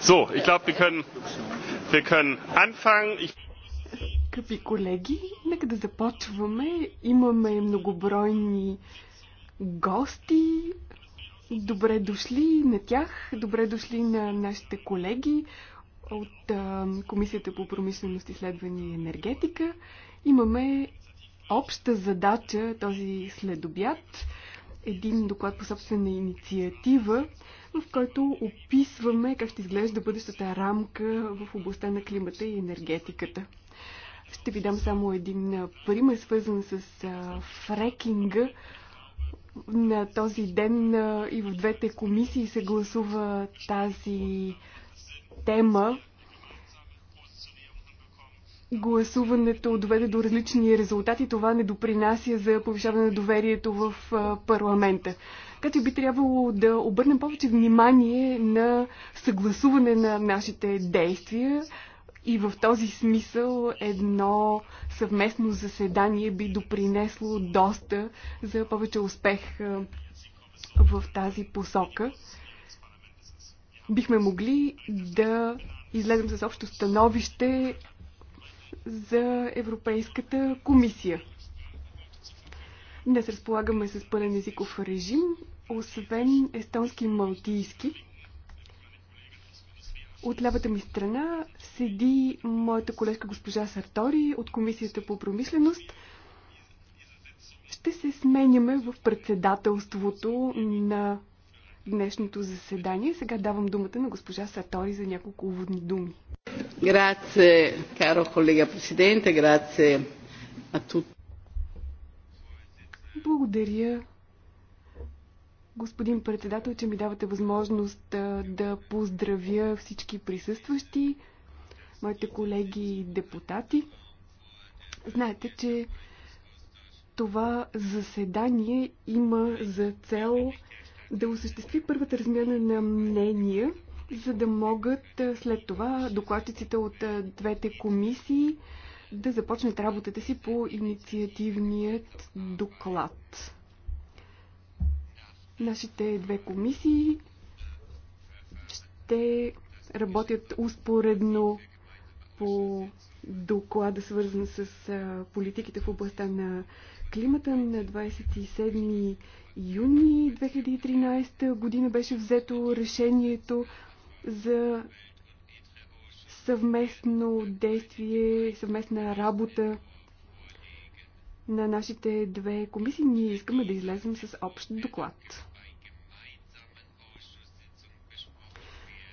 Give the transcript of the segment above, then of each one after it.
So, ich glaube, wir können, wir können anfangen. Ich... Скъпи колеги, нека да започваме. Имаме многобройни гости. Добре дошли на тях, добре дошли на нашите колеги от Комисията по промишленост, изследване и енергетика. Имаме обща задача този следобят един доклад по собствена инициатива в който описваме как ще изглежда бъдещата рамка в областта на климата и енергетиката. Ще ви дам само един пример, свързан с фрекинга. На този ден и в двете комисии се гласува тази тема. Гласуването доведе до различни резултати. Това не допринася за повишаване на доверието в парламента. Така че би трябвало да обърнем повече внимание на съгласуване на нашите действия и в този смисъл едно съвместно заседание би допринесло доста за повече успех в тази посока. Бихме могли да излезем с общо становище за Европейската комисия. Днес разполагаме с пълен езиков режим, освен естонски и малтийски. От лявата ми страна седи моята колежка госпожа Сартори от Комисията по промишленост. Ще се сменяме в председателството на днешното заседание. Сега давам думата на госпожа Сартори за няколко уводни думи. Грация, каро колега Presidente, грация на тут. Благодаря, господин председател, че ми давате възможност да поздравя всички присъстващи, моите колеги и депутати. Знаете, че това заседание има за цел да осъществи първата размяна на мнения, за да могат след това докладчиците от двете комисии да започнат работата си по инициативният доклад. Нашите две комисии ще работят успоредно по доклада, свързан с политиките в областта на климата. На 27 юни 2013 година беше взето решението за съвместно действие, съвместна работа на нашите две комисии. Ние искаме да излезем с общ доклад.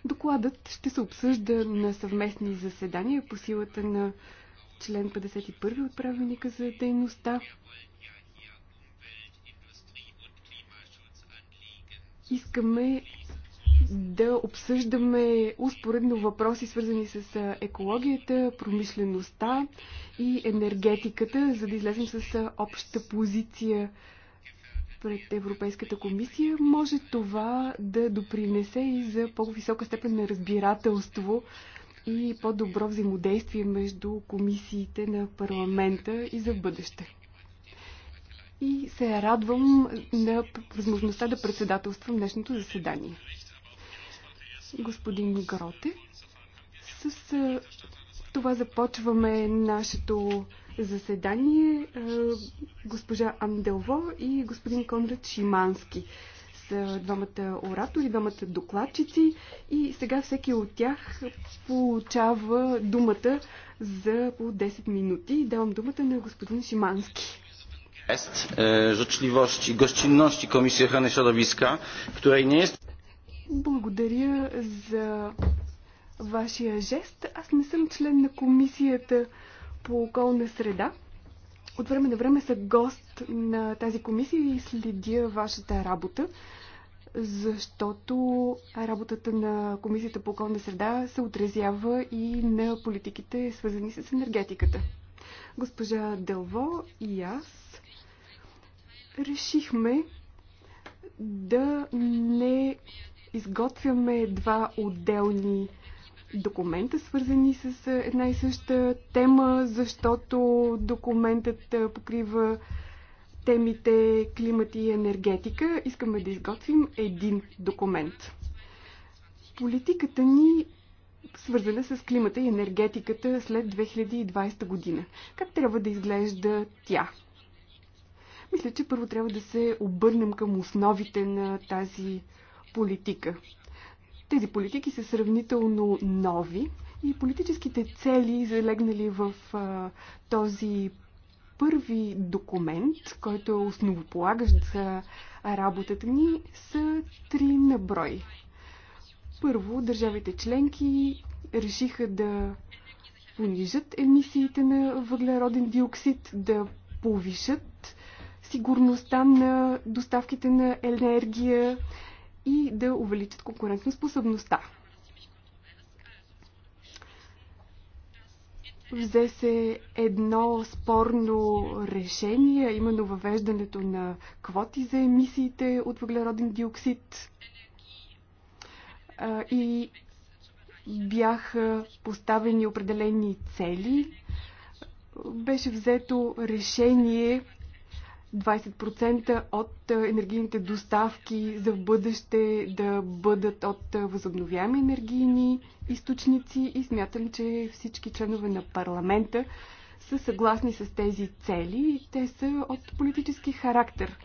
Докладът ще се обсъжда на съвместни заседания по силата на член 51 от правилника за дейността. Искаме да обсъждаме успоредно въпроси, свързани с екологията, промишлеността и енергетиката, за да излезем с обща позиция пред Европейската комисия. Може това да допринесе и за по-висока степен на разбирателство и по-добро взаимодействие между комисиите на парламента и за бъдеще. И се радвам на възможността да председателствам днешното заседание господин Гроте. С а, това започваме нашето заседание. А, госпожа Амделво и господин Конрад Шимански са двамата оратори, двамата докладчици и сега всеки от тях получава думата за по 10 минути. Давам думата на господин Шимански jest życzliwości gościnności komisji ochrony środowiska której nie jest благодаря за вашия жест. Аз не съм член на комисията по околна среда. От време на време са гост на тази комисия и следя вашата работа, защото работата на комисията по околна среда се отразява и на политиките, свързани с енергетиката. Госпожа Дълво и аз решихме да не изготвяме два отделни документа, свързани с една и съща тема, защото документът покрива темите климат и енергетика. Искаме да изготвим един документ. Политиката ни свързана с климата и енергетиката след 2020 година. Как трябва да изглежда тя? Мисля, че първо трябва да се обърнем към основите на тази политика. Тези политики са сравнително нови и политическите цели, залегнали в а, този първи документ, който е основополагащ за работата ни, са три наброи. Първо, държавите членки решиха да понижат емисиите на въглероден диоксид, да повишат сигурността на доставките на енергия, и да увеличат конкурентоспособността. Взе се едно спорно решение, именно въвеждането на квоти за емисиите от въглероден диоксид. И бяха поставени определени цели. Беше взето решение 20% от енергийните доставки за в бъдеще да бъдат от възобновяеми енергийни източници и смятам, че всички членове на парламента са съгласни с тези цели и те са от политически характер.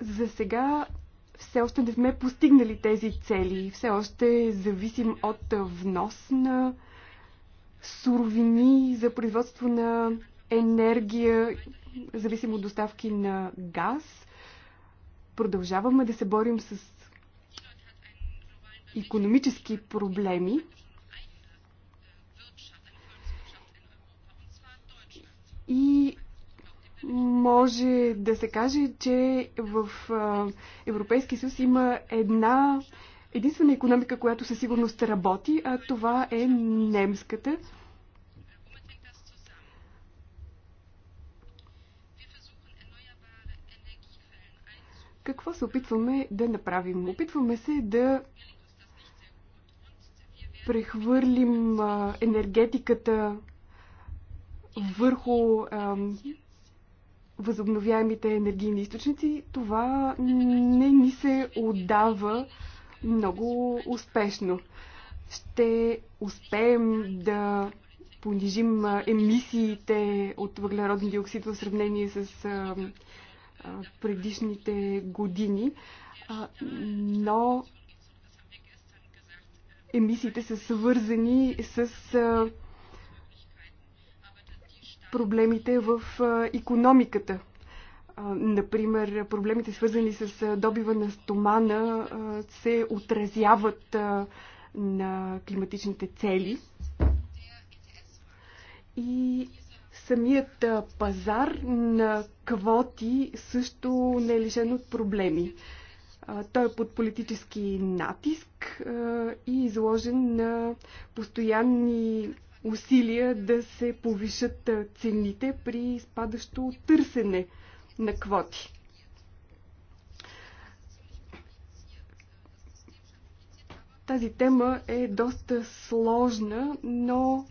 За сега все още не сме постигнали тези цели. Все още зависим от внос на суровини за производство на енергия зависим от доставки на газ. Продължаваме да се борим с економически проблеми. И може да се каже, че в Европейския съюз има една единствена економика, която със сигурност работи, а това е немската. Какво се опитваме да направим? Опитваме се да прехвърлим енергетиката върху възобновяемите енергийни източници, това не ни се отдава много успешно. Ще успеем да понижим емисиите от въглероден диоксид в сравнение с предишните години, но емисиите са свързани с проблемите в економиката. Например, проблемите свързани с добива на стомана се отразяват на климатичните цели. И Самият пазар на квоти също не е лишен от проблеми. Той е под политически натиск и изложен на постоянни усилия да се повишат цените при спадащо търсене на квоти. Тази тема е доста сложна, но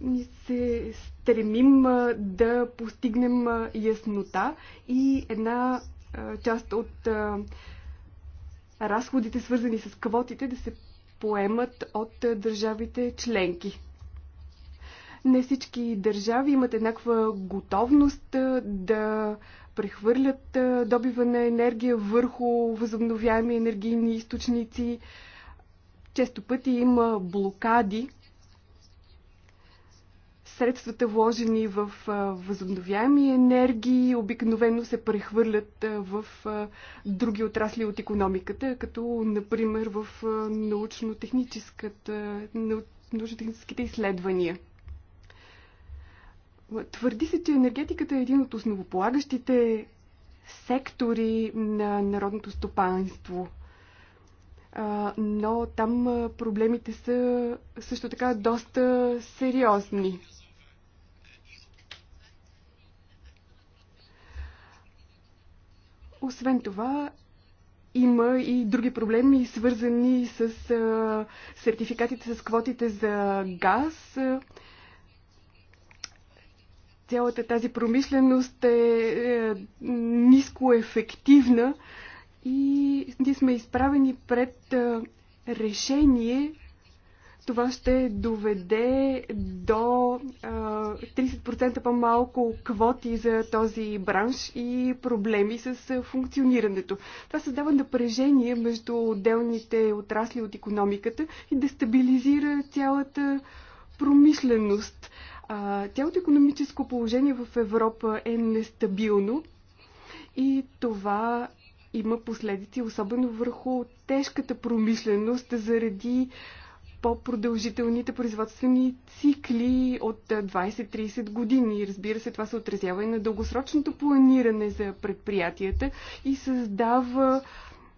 ни се стремим да постигнем яснота и една част от разходите, свързани с квотите, да се поемат от държавите членки. Не всички държави имат еднаква готовност да прехвърлят добива на енергия върху възобновяеми енергийни източници. Често пъти има блокади средствата вложени в възобновяеми енергии обикновено се прехвърлят в други отрасли от економиката, като например в научно-техническата, научно-техническите изследвания. Твърди се, че енергетиката е един от основополагащите сектори на народното стопанство. Но там проблемите са също така доста сериозни. Освен това, има и други проблеми, свързани с сертификатите, с квотите за газ. Цялата тази промишленост е, е ниско ефективна и ние сме изправени пред решение това ще доведе до 30% по-малко квоти за този бранш и проблеми с функционирането. Това създава напрежение между отделните отрасли от економиката и дестабилизира цялата промишленост. Цялото економическо положение в Европа е нестабилно и това има последици, особено върху тежката промишленост заради по-продължителните производствени цикли от 20-30 години. Разбира се, това се отразява и на дългосрочното планиране за предприятията и създава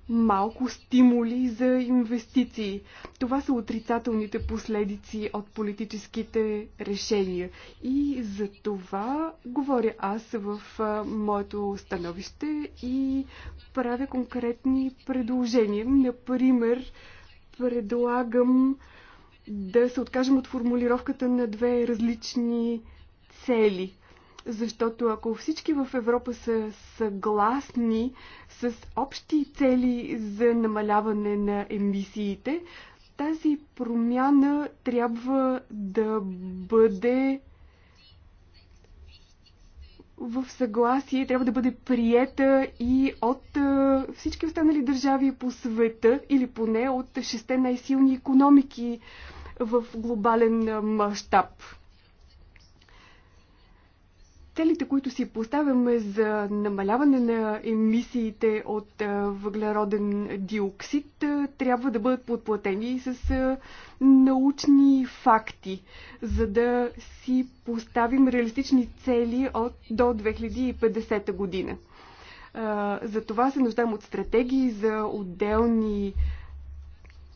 малко стимули за инвестиции. Това са отрицателните последици от политическите решения. И за това говоря аз в моето становище и правя конкретни предложения. Например, предлагам да се откажем от формулировката на две различни цели. Защото ако всички в Европа са съгласни с общи цели за намаляване на емисиите, тази промяна трябва да бъде в съгласие трябва да бъде приета и от всички останали държави по света, или поне от шесте най-силни економики в глобален мащаб целите, които си поставяме за намаляване на емисиите от въглероден диоксид, трябва да бъдат подплатени с научни факти, за да си поставим реалистични цели от до 2050 година. За това се нуждаем от стратегии за отделни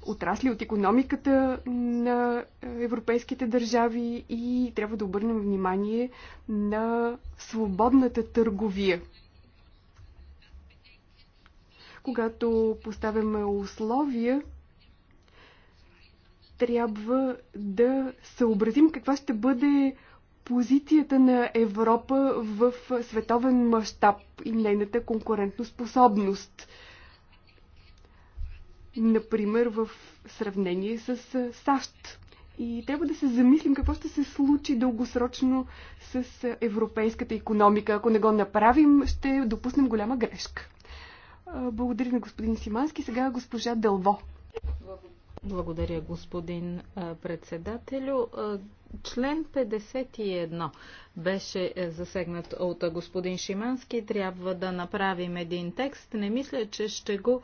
отрасли от економиката на европейските държави и трябва да обърнем внимание на свободната търговия. Когато поставяме условия, трябва да съобразим каква ще бъде позицията на Европа в световен мащаб и нейната конкурентоспособност. способност например в сравнение с САЩ. И трябва да се замислим какво ще се случи дългосрочно с европейската економика. Ако не го направим, ще допуснем голяма грешка. Благодаря на господин Симански. Сега госпожа Дълво. Благодаря, господин председателю. Член 51 беше е, засегнат от господин Шимански. Трябва да направим един текст. Не мисля, че ще го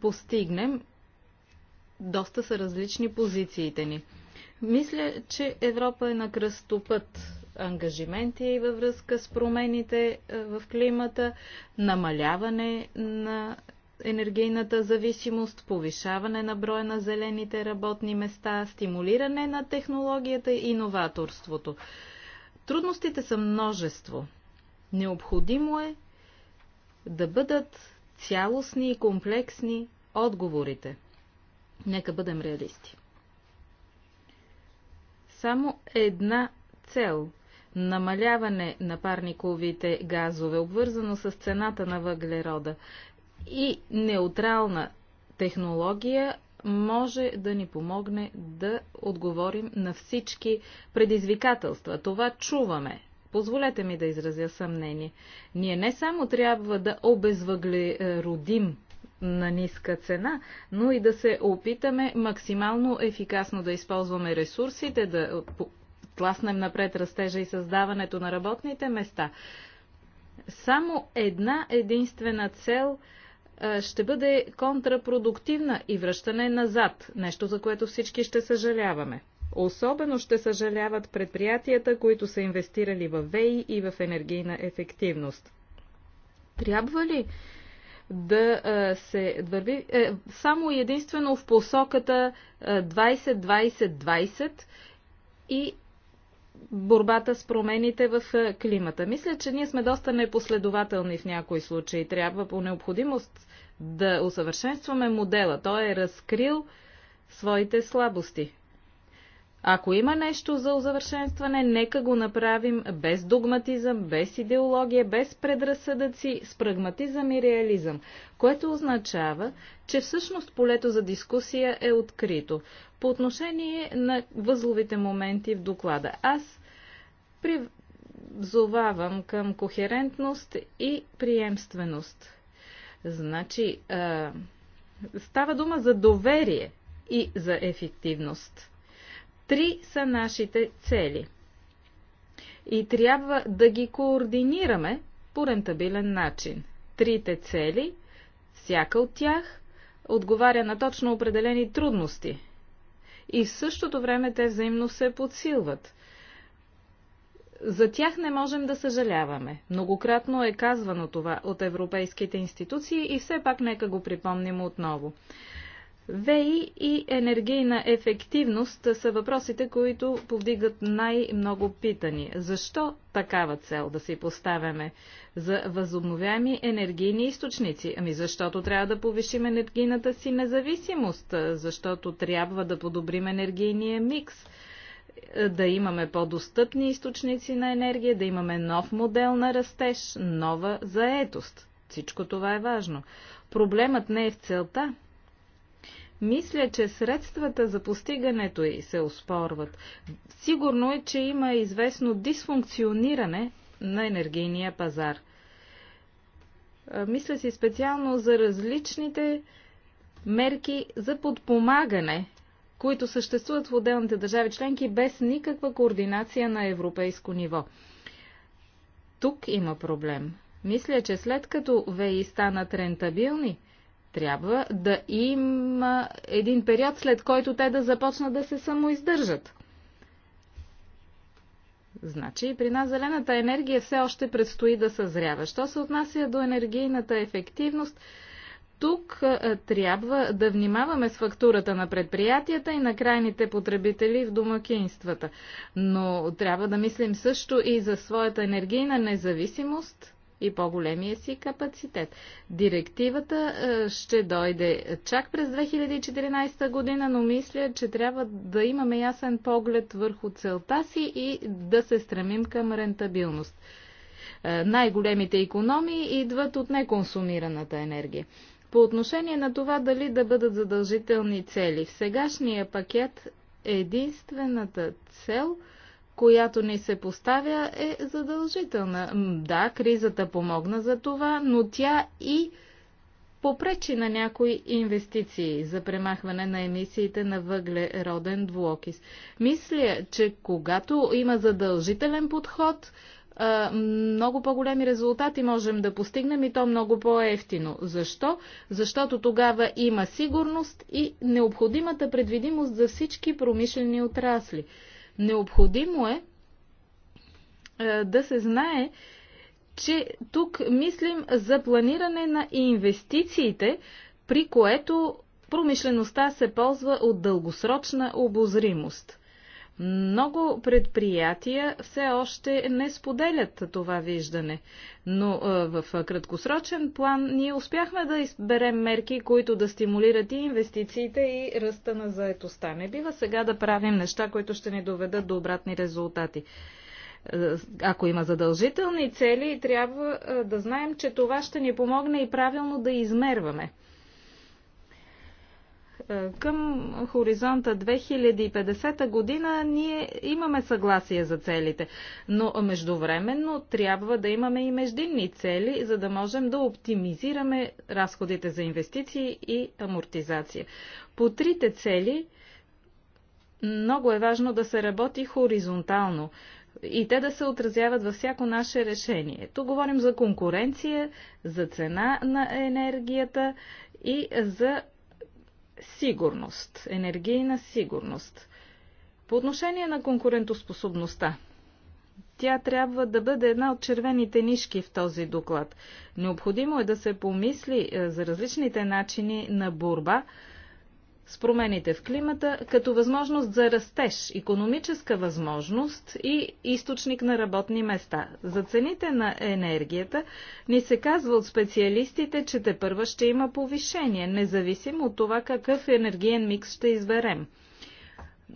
постигнем. Доста са различни позициите ни. Мисля, че Европа е на кръстопът ангажименти във връзка с промените в климата, намаляване на енергийната зависимост, повишаване на броя на зелените работни места, стимулиране на технологията и иноваторството. Трудностите са множество. Необходимо е да бъдат цялостни и комплексни отговорите. Нека бъдем реалисти. Само една цел намаляване на парниковите газове, обвързано с цената на въглерода и неутрална технология може да ни помогне да отговорим на всички предизвикателства. Това чуваме Позволете ми да изразя съмнение. Ние не само трябва да обезвъглеродим на ниска цена, но и да се опитаме максимално ефикасно да използваме ресурсите, да тласнем напред растежа и създаването на работните места. Само една единствена цел е, ще бъде контрапродуктивна и връщане назад, нещо за което всички ще съжаляваме. Особено ще съжаляват предприятията, които са инвестирали в ВЕИ и в енергийна ефективност. Трябва ли да се върви е, само единствено в посоката 20-20-20 и борбата с промените в климата. Мисля, че ние сме доста непоследователни в някои случаи. Трябва по необходимост да усъвършенстваме модела. Той е разкрил своите слабости. Ако има нещо за усъвършенстване, нека го направим без догматизъм, без идеология, без предразсъдъци, с прагматизъм и реализъм, което означава, че всъщност полето за дискусия е открито. По отношение на възловите моменти в доклада, аз призовавам към кохерентност и приемственост. Значи, а, става дума за доверие и за ефективност. Три са нашите цели. И трябва да ги координираме по рентабилен начин. Трите цели, всяка от тях, отговаря на точно определени трудности. И в същото време те взаимно се подсилват. За тях не можем да съжаляваме. Многократно е казвано това от европейските институции и все пак нека го припомним отново. ВЕИ и енергийна ефективност са въпросите, които повдигат най-много питани. Защо такава цел да си поставяме за възобновяеми енергийни източници? Ами защото трябва да повишим енергийната си независимост, защото трябва да подобрим енергийния микс, да имаме по-достъпни източници на енергия, да имаме нов модел на растеж, нова заетост. Всичко това е важно. Проблемът не е в целта, мисля, че средствата за постигането й се оспорват. Сигурно е, че има известно дисфункциониране на енергийния пазар. Мисля си специално за различните мерки за подпомагане, които съществуват в отделните държави членки без никаква координация на европейско ниво. Тук има проблем. Мисля, че след като ВИ станат рентабилни, трябва да има един период, след който те да започнат да се самоиздържат. Значи при нас зелената енергия все още предстои да съзрява. Що се отнася до енергийната ефективност, тук трябва да внимаваме с фактурата на предприятията и на крайните потребители в домакинствата. Но трябва да мислим също и за своята енергийна независимост и по-големия си капацитет. Директивата е, ще дойде чак през 2014 година, но мисля, че трябва да имаме ясен поглед върху целта си и да се стремим към рентабилност. Е, най-големите економии идват от неконсумираната енергия. По отношение на това дали да бъдат задължителни цели, в сегашния пакет единствената цел – която ни се поставя, е задължителна. Да, кризата помогна за това, но тя и попречи на някои инвестиции за премахване на емисиите на въглероден двуокис. Мисля, че когато има задължителен подход, много по-големи резултати можем да постигнем и то много по-ефтино. Защо? Защото тогава има сигурност и необходимата предвидимост за всички промишлени отрасли. Необходимо е, е да се знае, че тук мислим за планиране на инвестициите, при което промишлеността се ползва от дългосрочна обозримост. Много предприятия все още не споделят това виждане, но е, в краткосрочен план ние успяхме да изберем мерки, които да стимулират и инвестициите и ръста на заетостта. Не бива сега да правим неща, които ще ни доведат до обратни резултати е, ако има задължителни цели, трябва е, да знаем, че това ще ни помогне и правилно да измерваме. Е, към хоризонта 2050 година ние имаме съгласие за целите, но междувременно трябва да имаме и междинни цели, за да можем да оптимизираме разходите за инвестиции и амортизация. По трите цели много е важно да се работи хоризонтално и те да се отразяват във всяко наше решение. Тук говорим за конкуренция, за цена на енергията и за сигурност, енергийна сигурност. По отношение на конкурентоспособността, тя трябва да бъде една от червените нишки в този доклад. Необходимо е да се помисли е, за различните начини на борба с промените в климата като възможност за растеж, економическа възможност и източник на работни места. За цените на енергията ни се казва от специалистите, че те първа ще има повишение, независимо от това какъв енергиен микс ще изберем.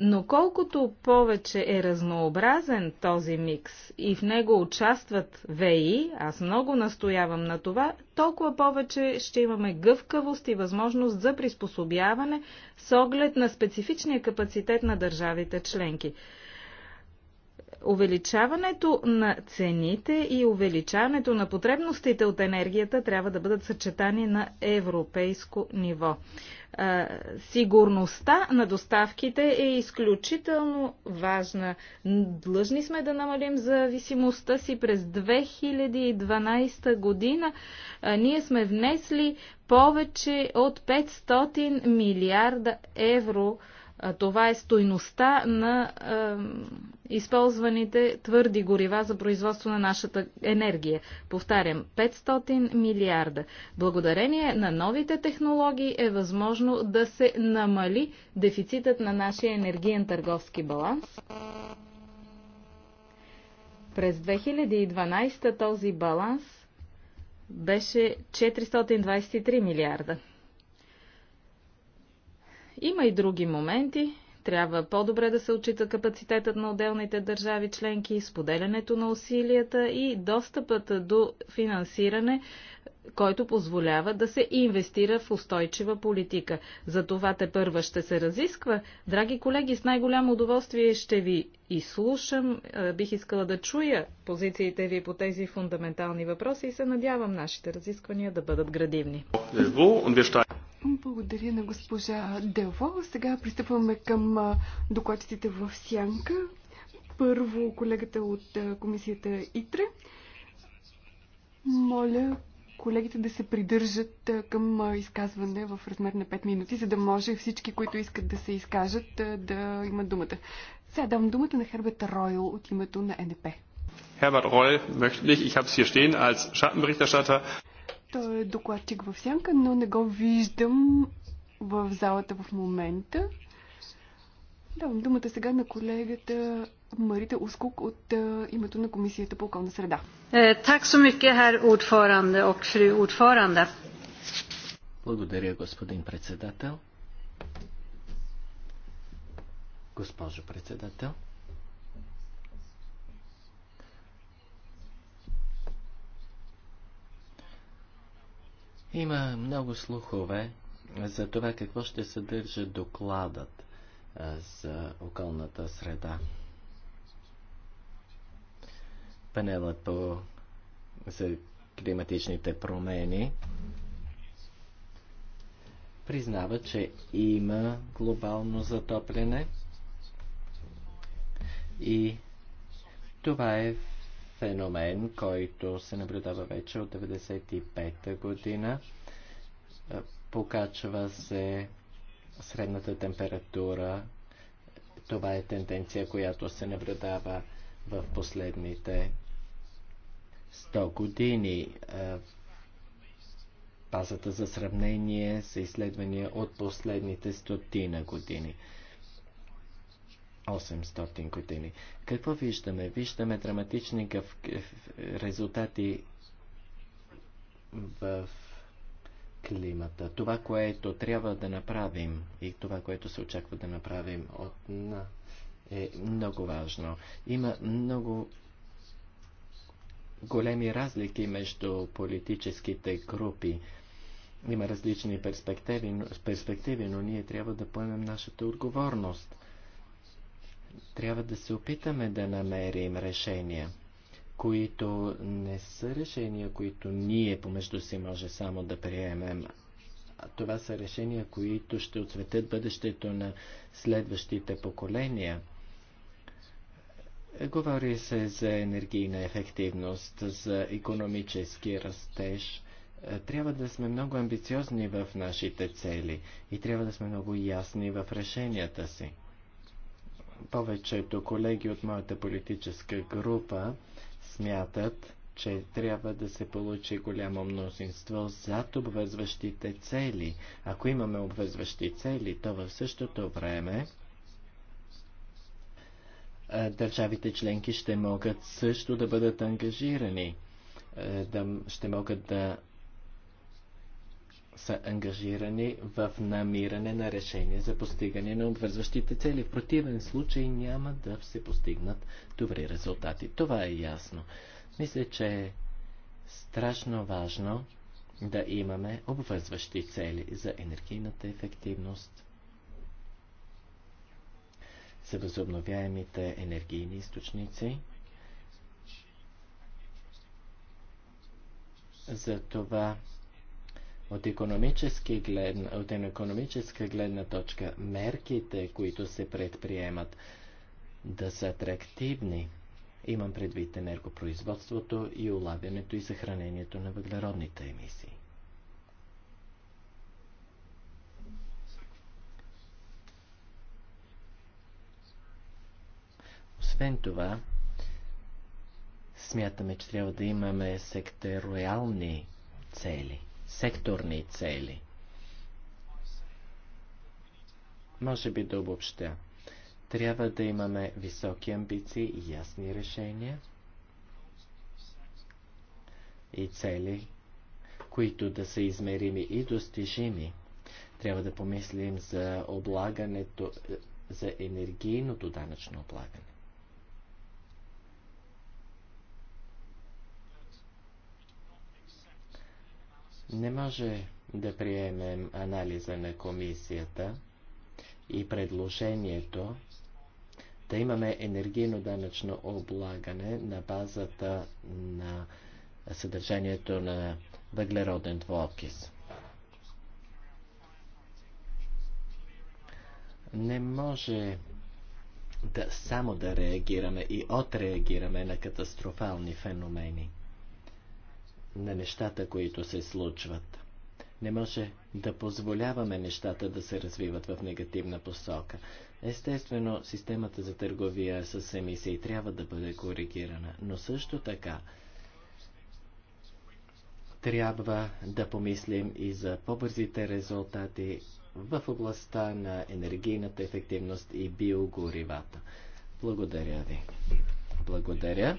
Но колкото повече е разнообразен този микс и в него участват ВИ, аз много настоявам на това, толкова повече ще имаме гъвкавост и възможност за приспособяване с оглед на специфичния капацитет на държавите членки. Увеличаването на цените и увеличаването на потребностите от енергията трябва да бъдат съчетани на европейско ниво. Сигурността на доставките е изключително важна. Длъжни сме да намалим зависимостта си през 2012 година. Ние сме внесли повече от 500 милиарда евро това е стойността на е, използваните твърди горива за производство на нашата енергия. Повтарям, 500 милиарда. Благодарение на новите технологии е възможно да се намали дефицитът на нашия енергиен търговски баланс. През 2012 този баланс беше 423 милиарда. Има и други моменти. Трябва по-добре да се отчита капацитетът на отделните държави членки, споделянето на усилията и достъпът до финансиране който позволява да се инвестира в устойчива политика. За това те първа ще се разисква. Драги колеги, с най-голямо удоволствие ще ви изслушам. Е, бих искала да чуя позициите ви по тези фундаментални въпроси и се надявам нашите разисквания да бъдат градивни. Благодаря на госпожа Делво. Сега пристъпваме към докладците в Сянка. Първо колегата от комисията ИТРЕ. Моля, колегите да се придържат към изказване в размер на 5 минути, за да може всички, които искат да се изкажат, да имат думата. Сега давам думата на Херберт Ройл от името на НП. Херберт Ройл, möchte nicht, ich habe es hier stehen als Schattenberichterstatter. Той е докладчик в сянка, но не го виждам в залата в момента. Давам думата сега на колегата Марита Ускук от името на Комисията по околна среда. Е, так Благодаря, господин председател. Госпожо председател. Има много слухове за това какво ще съдържа докладът за околната среда панелът за климатичните промени признава, че има глобално затопляне и това е феномен, който се наблюдава вече от 1995 година. Е, покачва се средната температура. Това е тенденция, която се наблюдава в последните 100 години. Базата за сравнение са изследвания от последните стотина години. 800 години. Какво виждаме? Виждаме драматични гъв... резултати в климата. Това, което трябва да направим и това, което се очаква да направим от е много важно. Има много големи разлики между политическите групи. Има различни перспективи, перспективи, но ние трябва да поемем нашата отговорност. Трябва да се опитаме да намерим решения, които не са решения, които ние помежду си може само да приемем. А това са решения, които ще отцветят бъдещето на следващите поколения – Говори се за енергийна ефективност, за економически растеж. Е, трябва да сме много амбициозни в нашите цели и трябва да сме много ясни в решенията си. Повечето колеги от моята политическа група смятат, че трябва да се получи голямо мнозинство зад обвързващите цели. Ако имаме обвързващи цели, то в същото време държавите членки ще могат също да бъдат ангажирани, да, ще могат да са ангажирани в намиране на решение за постигане на обвързващите цели. В противен случай няма да се постигнат добри резултати. Това е ясно. Мисля, че е страшно важно да имаме обвързващи цели за енергийната ефективност, за възобновяемите енергийни източници. За това от, глед, от економическа гледна точка мерките, които се предприемат, да са атрактивни. Имам предвид енергопроизводството и улавянето и съхранението на въглеродните емисии. Освен това, смятаме, че трябва да имаме секториални цели, секторни цели. Може би да обобщя. Трябва да имаме високи амбиции и ясни решения и цели, които да са измерими и достижими. Трябва да помислим за облагането, за енергийното данъчно облагане. Не може да приемем анализа на комисията и предложението да имаме енергийно данъчно облагане на базата на съдържанието на въглероден двуокис. Не може да само да реагираме и отреагираме на катастрофални феномени на нещата, които се случват. Не може да позволяваме нещата да се развиват в негативна посока. Естествено, системата за търговия с емисии трябва да бъде коригирана, но също така трябва да помислим и за по-бързите резултати в областта на енергийната ефективност и биогоривата. Благодаря ви. Благодаря.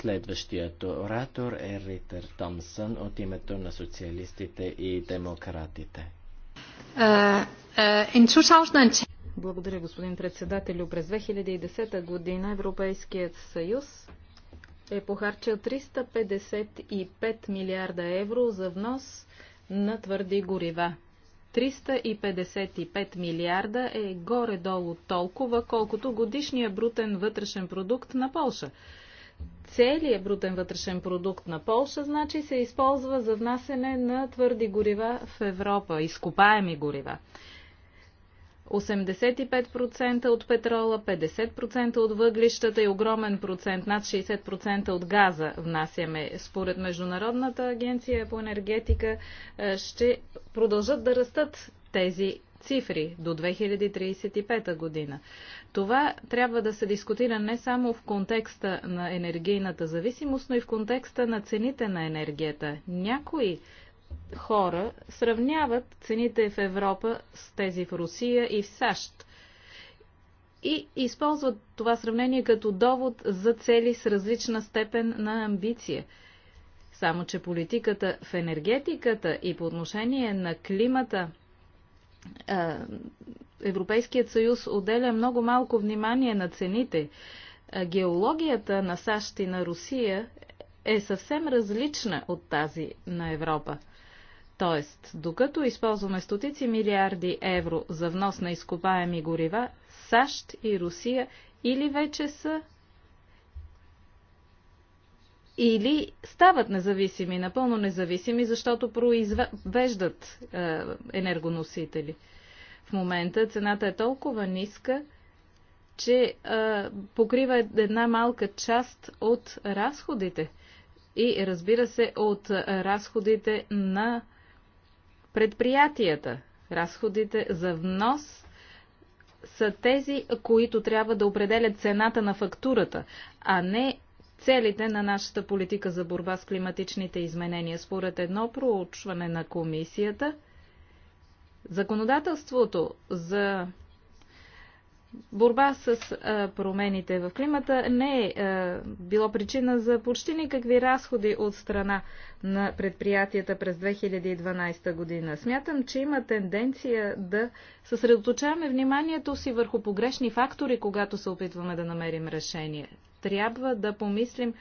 Следващият оратор е Ритър Томсън от името на социалистите и демократите. Uh, uh, Благодаря, господин председателю. През 2010 година Европейският съюз е похарчил 355 милиарда евро за внос на твърди горива. 355 милиарда е горе-долу толкова, колкото годишния брутен вътрешен продукт на Полша целият брутен вътрешен продукт на Полша, значи се използва за внасене на твърди горива в Европа, изкопаеми горива. 85% от петрола, 50% от въглищата и огромен процент, над 60% от газа внасяме. Според Международната агенция по енергетика е, ще продължат да растат тези цифри до 2035 година. Това трябва да се дискутира не само в контекста на енергийната зависимост, но и в контекста на цените на енергията. Някои хора сравняват цените в Европа с тези в Русия и в САЩ и използват това сравнение като довод за цели с различна степен на амбиция. Само, че политиката в енергетиката и по отношение на климата – е, Европейският съюз отделя много малко внимание на цените. Е, геологията на САЩ и на Русия е съвсем различна от тази на Европа. Тоест, докато използваме стотици милиарди евро за внос на изкопаеми горива, САЩ и Русия или вече са или стават независими, напълно независими, защото произвеждат е, енергоносители. В момента цената е толкова ниска, че е, покрива една малка част от разходите и разбира се от разходите на предприятията. Разходите за внос са тези, които трябва да определят цената на фактурата, а не целите на нашата политика за борба с климатичните изменения. Според едно проучване на комисията, законодателството за борба с промените в климата не е било причина за почти никакви разходи от страна на предприятията през 2012 година. Смятам, че има тенденция да съсредоточаваме вниманието си върху погрешни фактори, когато се опитваме да намерим решение трябва да помислим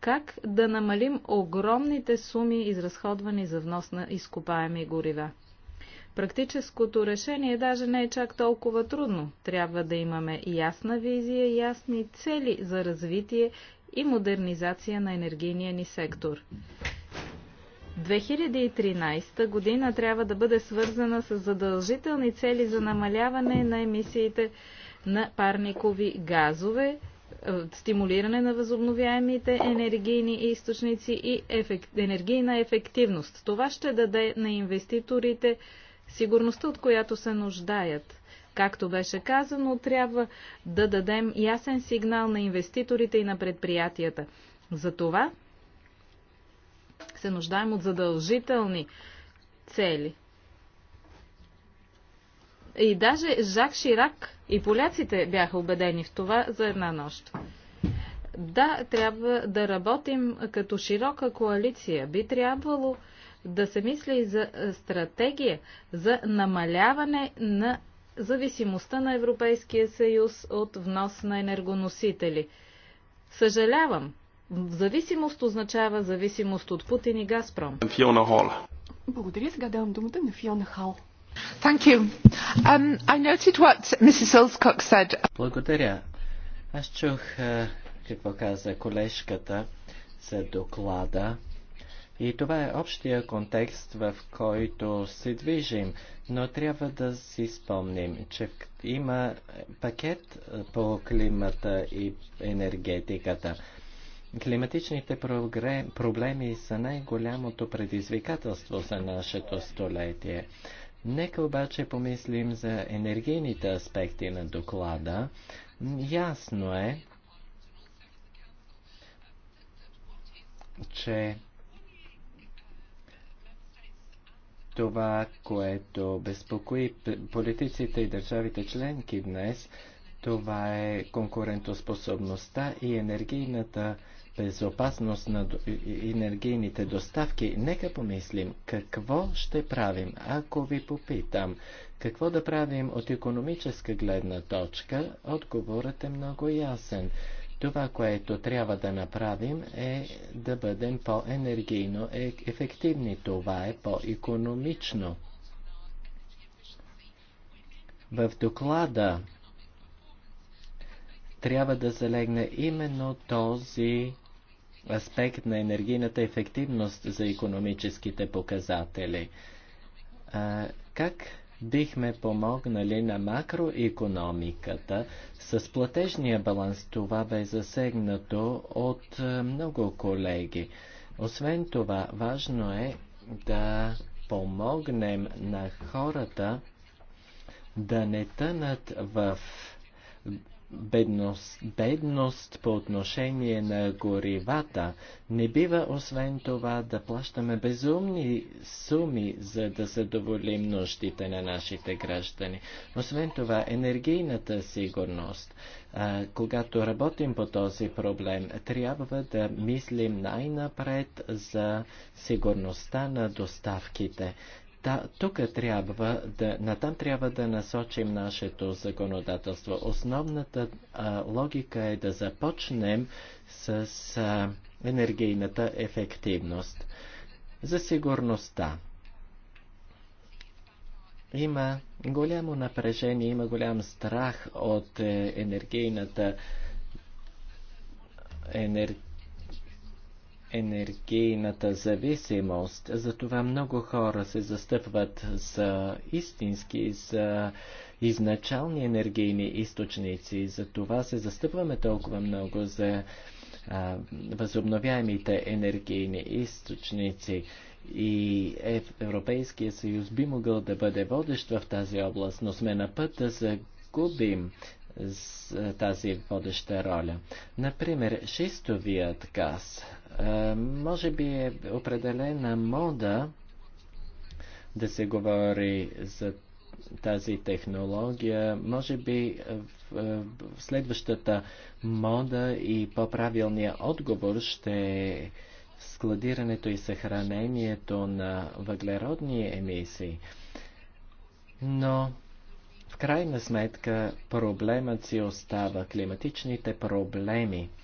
как да намалим огромните суми, изразходвани за внос на изкопаеми горива. Практическото решение даже не е чак толкова трудно. Трябва да имаме ясна визия, ясни цели за развитие и модернизация на енергийния ни сектор. 2013 година трябва да бъде свързана с задължителни цели за намаляване на емисиите на парникови газове е, стимулиране на възобновяемите енергийни източници и ефект, енергийна ефективност. Това ще даде на инвеститорите сигурността, от която се нуждаят. Както беше казано, трябва да дадем ясен сигнал на инвеститорите и на предприятията. За това се нуждаем от задължителни цели – и даже Жак Ширак и поляците бяха убедени в това за една нощ. Да, трябва да работим като широка коалиция. Би трябвало да се мисли за стратегия за намаляване на зависимостта на Европейския съюз от внос на енергоносители. Съжалявам. Зависимост означава зависимост от Путин и Газпром. Фиона Хол. Благодаря. Сега давам думата на Фиона Хал. Um, Благодаря. Аз чух е, какво каза колежката за доклада. И това е общия контекст, в който се движим, но трябва да си спомним, че има пакет е, по климата и енергетиката. Климатичните проблеми са най-голямото предизвикателство за нашето столетие. Нека обаче помислим за енергийните аспекти на доклада. Ясно е, че това, което безпокои политиците и държавите членки днес, това е конкурентоспособността и енергийната безопасност на енергийните доставки, нека помислим какво ще правим. Ако ви попитам какво да правим от економическа гледна точка, отговорът е много ясен. Това, което трябва да направим е да бъдем по-енергийно е, ефективни. Това е по-економично. В доклада трябва да залегне именно този аспект на енергийната ефективност за економическите показатели. А, как бихме помогнали на макроекономиката с платежния баланс? Това бе засегнато от много колеги. Освен това, важно е да помогнем на хората да не тънат в бедност, бедност по отношение на горивата. Не бива освен това да плащаме безумни суми, за да задоволим нуждите на нашите граждани. Освен това, енергийната сигурност. А, когато работим по този проблем, трябва да мислим най-напред за сигурността на доставките. Та, тук трябва да, натам трябва да насочим нашето законодателство. Основната а, логика е да започнем с а, енергийната ефективност. За сигурността. Има голямо напрежение, има голям страх от е, енергийната енергия енергийната зависимост. Затова много хора се застъпват за истински, за изначални енергийни източници. Затова се застъпваме толкова много за а, възобновяемите енергийни източници. И Европейския съюз би могъл да бъде водещ в тази област, но сме на път да загубим с тази водеща роля. Например, шестовият газ е, може би е определена мода да се говори за тази технология. Може би е, е, в, следващата мода и по-правилният отговор ще е складирането и съхранението на въглеродни емисии. Но в крайна сметка проблемът си остава климатичните проблеми –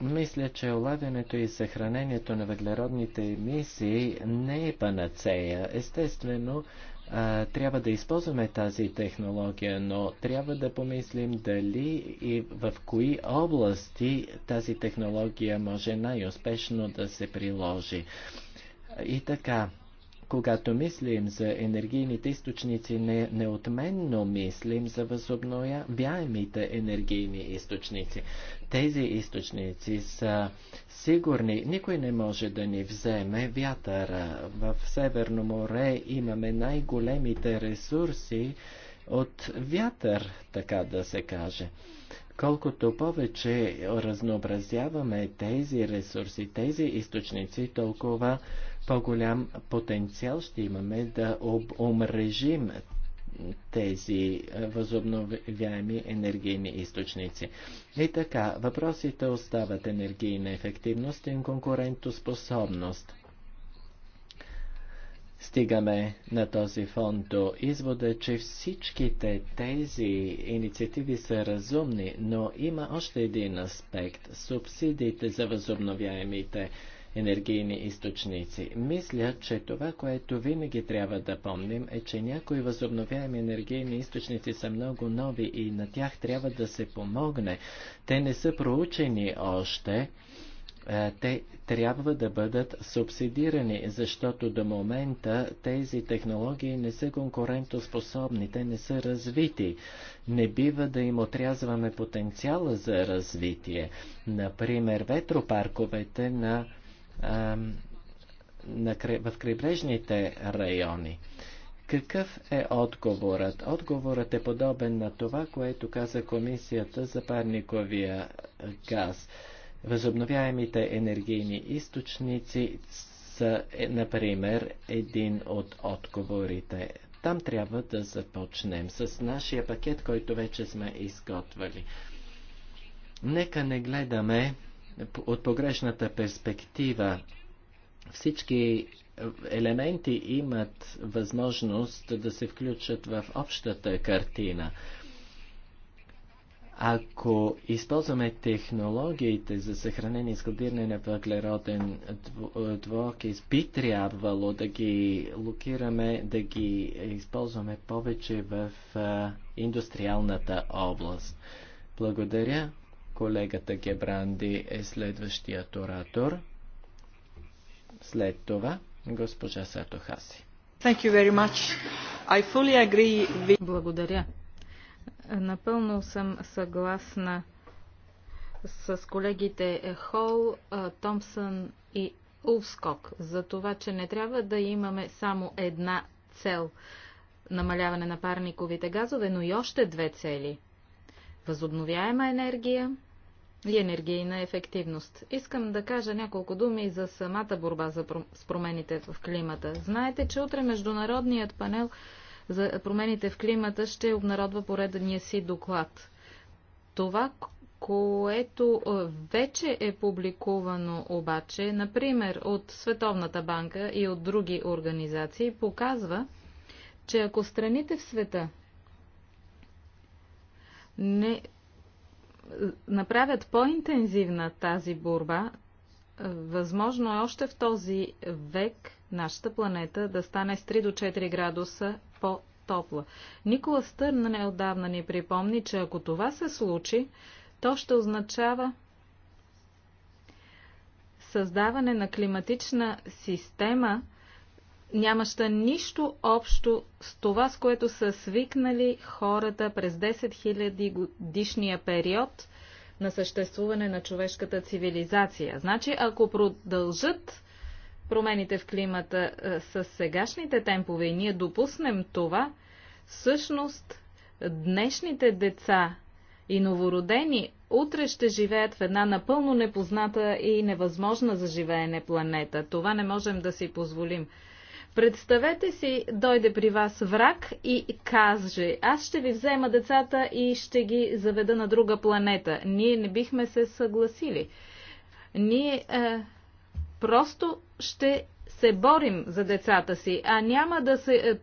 мисля, че улавянето и съхранението на въглеродните емисии не е панацея. Естествено, а, трябва да използваме тази технология, но трябва да помислим дали и в кои области тази технология може най-успешно да се приложи. И така, когато мислим за енергийните източници, не, неотменно мислим за възобновяемите енергийни източници. Тези източници са сигурни. Никой не може да ни вземе вятъра. В Северно море имаме най-големите ресурси от вятър, така да се каже. Колкото повече разнообразяваме тези ресурси, тези източници, толкова по-голям потенциал ще имаме да обмрежим тези е, възобновяеми енергийни източници. И така, въпросите остават енергийна ефективност и конкурентоспособност. Стигаме на този фон до извода, че всичките тези инициативи са разумни, но има още един аспект – субсидиите за възобновяемите енергийни източници. Мисля, че това, което винаги трябва да помним е, че някои възобновяеми енергийни източници са много нови и на тях трябва да се помогне. Те не са проучени още е, те трябва да бъдат субсидирани, защото до момента тези технологии не са конкурентоспособни, те не са развити. Не бива да им отрязваме потенциала за развитие. Например, ветропарковете на в крайбрежните райони. Какъв е отговорът? Отговорът е подобен на това, което каза комисията за парниковия газ. Възобновяемите енергийни източници са, е, например, един от отговорите. Там трябва да започнем с нашия пакет, който вече сме изготвили. Нека не гледаме от погрешната перспектива. Всички елементи имат възможност да се включат в общата картина. Ако използваме технологиите за съхранение и складиране на въглероден двуокис, би трябвало да ги локираме, да ги използваме повече в индустриалната област. Благодаря. Колегата Гебранди е следващият оратор. След това госпожа Сато Хаси. With... Благодаря. Напълно съм съгласна с колегите Хол, Томсън и Улскок за това, че не трябва да имаме само една цел намаляване на парниковите газове, но и още две цели. Възобновяема енергия и енергийна ефективност. Искам да кажа няколко думи за самата борба за пром... с промените в климата. Знаете, че утре Международният панел за промените в климата ще обнародва поредния си доклад. Това, което е, вече е публикувано обаче, например от Световната банка и от други организации, показва, че ако страните в света не направят по-интензивна тази борба, е, възможно е още в този век нашата планета да стане с 3 до 4 градуса по-топла. Никола Стърн неодавна ни припомни, че ако това се случи, то ще означава създаване на климатична система – нямаща нищо общо с това, с което са свикнали хората през 10 000 годишния период на съществуване на човешката цивилизация. Значи, ако продължат промените в климата е, с сегашните темпове и ние допуснем това, всъщност днешните деца и новородени утре ще живеят в една напълно непозната и невъзможна за живеене планета. Това не можем да си позволим. Представете си, дойде при вас враг и каже, аз ще ви взема децата и ще ги заведа на друга планета. Ние не бихме се съгласили. Ние е, просто ще се борим за децата си, а няма да се е,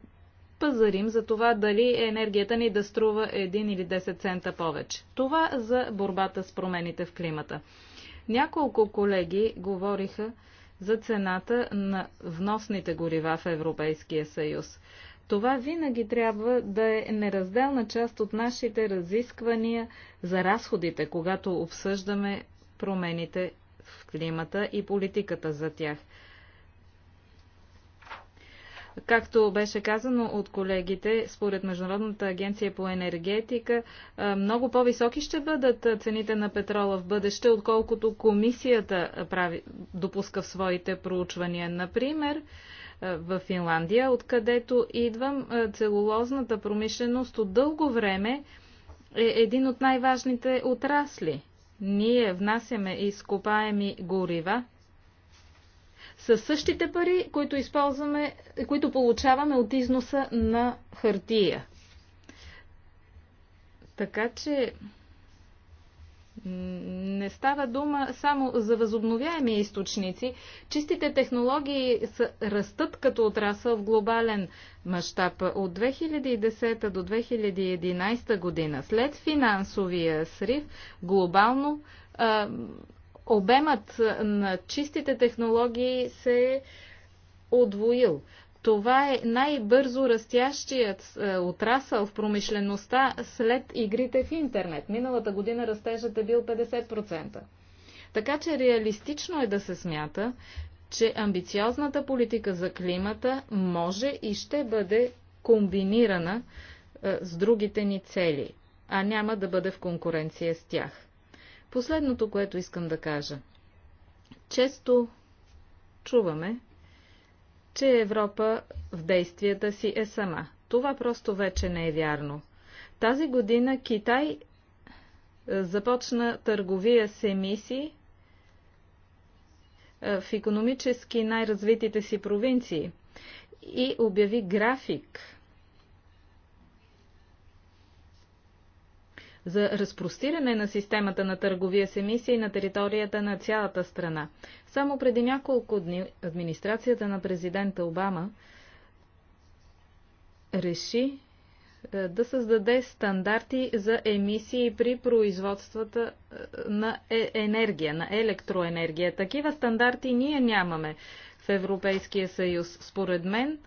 пазарим за това дали енергията ни да струва 1 или 10 цента повече. Това за борбата с промените в климата. Няколко колеги говориха за цената на вносните горива в Европейския съюз. Това винаги трябва да е неразделна част от нашите разисквания за разходите, когато обсъждаме промените в климата и политиката за тях. Както беше казано от колегите, според Международната агенция по енергетика, много по-високи ще бъдат цените на петрола в бъдеще, отколкото комисията прави, допуска в своите проучвания. Например, в Финландия, откъдето идвам, целулозната промишленост от дълго време е един от най-важните отрасли. Ние внасяме изкопаеми горива с същите пари, които, използваме, които получаваме от износа на хартия. Така че не става дума само за възобновяеми източници. Чистите технологии са, растат като отрасъл в глобален мащаб. От 2010 до 2011 година, след финансовия срив, глобално а, обемът на чистите технологии се е удвоил. Това е най-бързо растящият е, отрасъл в промишлеността след игрите в интернет. Миналата година растежът е бил 50%. Така че реалистично е да се смята, че амбициозната политика за климата може и ще бъде комбинирана е, с другите ни цели, а няма да бъде в конкуренция с тях. Последното, което искам да кажа. Често чуваме, че Европа в действията си е сама. Това просто вече не е вярно. Тази година Китай е, започна търговия с емисии е, в економически най-развитите си провинции и обяви график – за разпростиране на системата на търговия с емисии на територията на цялата страна. Само преди няколко дни администрацията на президента Обама реши е, да създаде стандарти за емисии при производствата е, на е, енергия, на електроенергия. Такива стандарти ние нямаме в Европейския съюз. Според мен,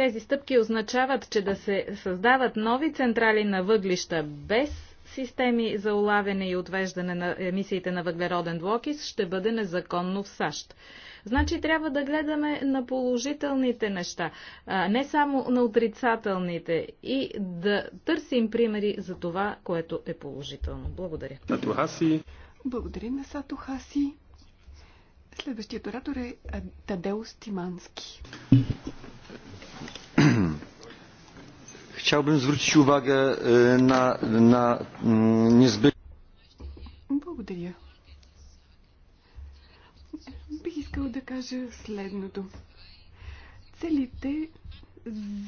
Тези стъпки означават, че да се създават нови централи на въглища без системи за улавяне и отвеждане на емисиите на въглероден двуокис ще бъде незаконно в САЩ. Значи трябва да гледаме на положителните неща, а не само на отрицателните и да търсим примери за това, което е положително. Благодаря. Сатухаси. Благодаря на Сатухаси. Следващият оратор е Тадеус Тимански. Chciałbym zwrócić uwagę e, na, na mm, niezbyt... Благодаря. Бих искал да кажа следното. Целите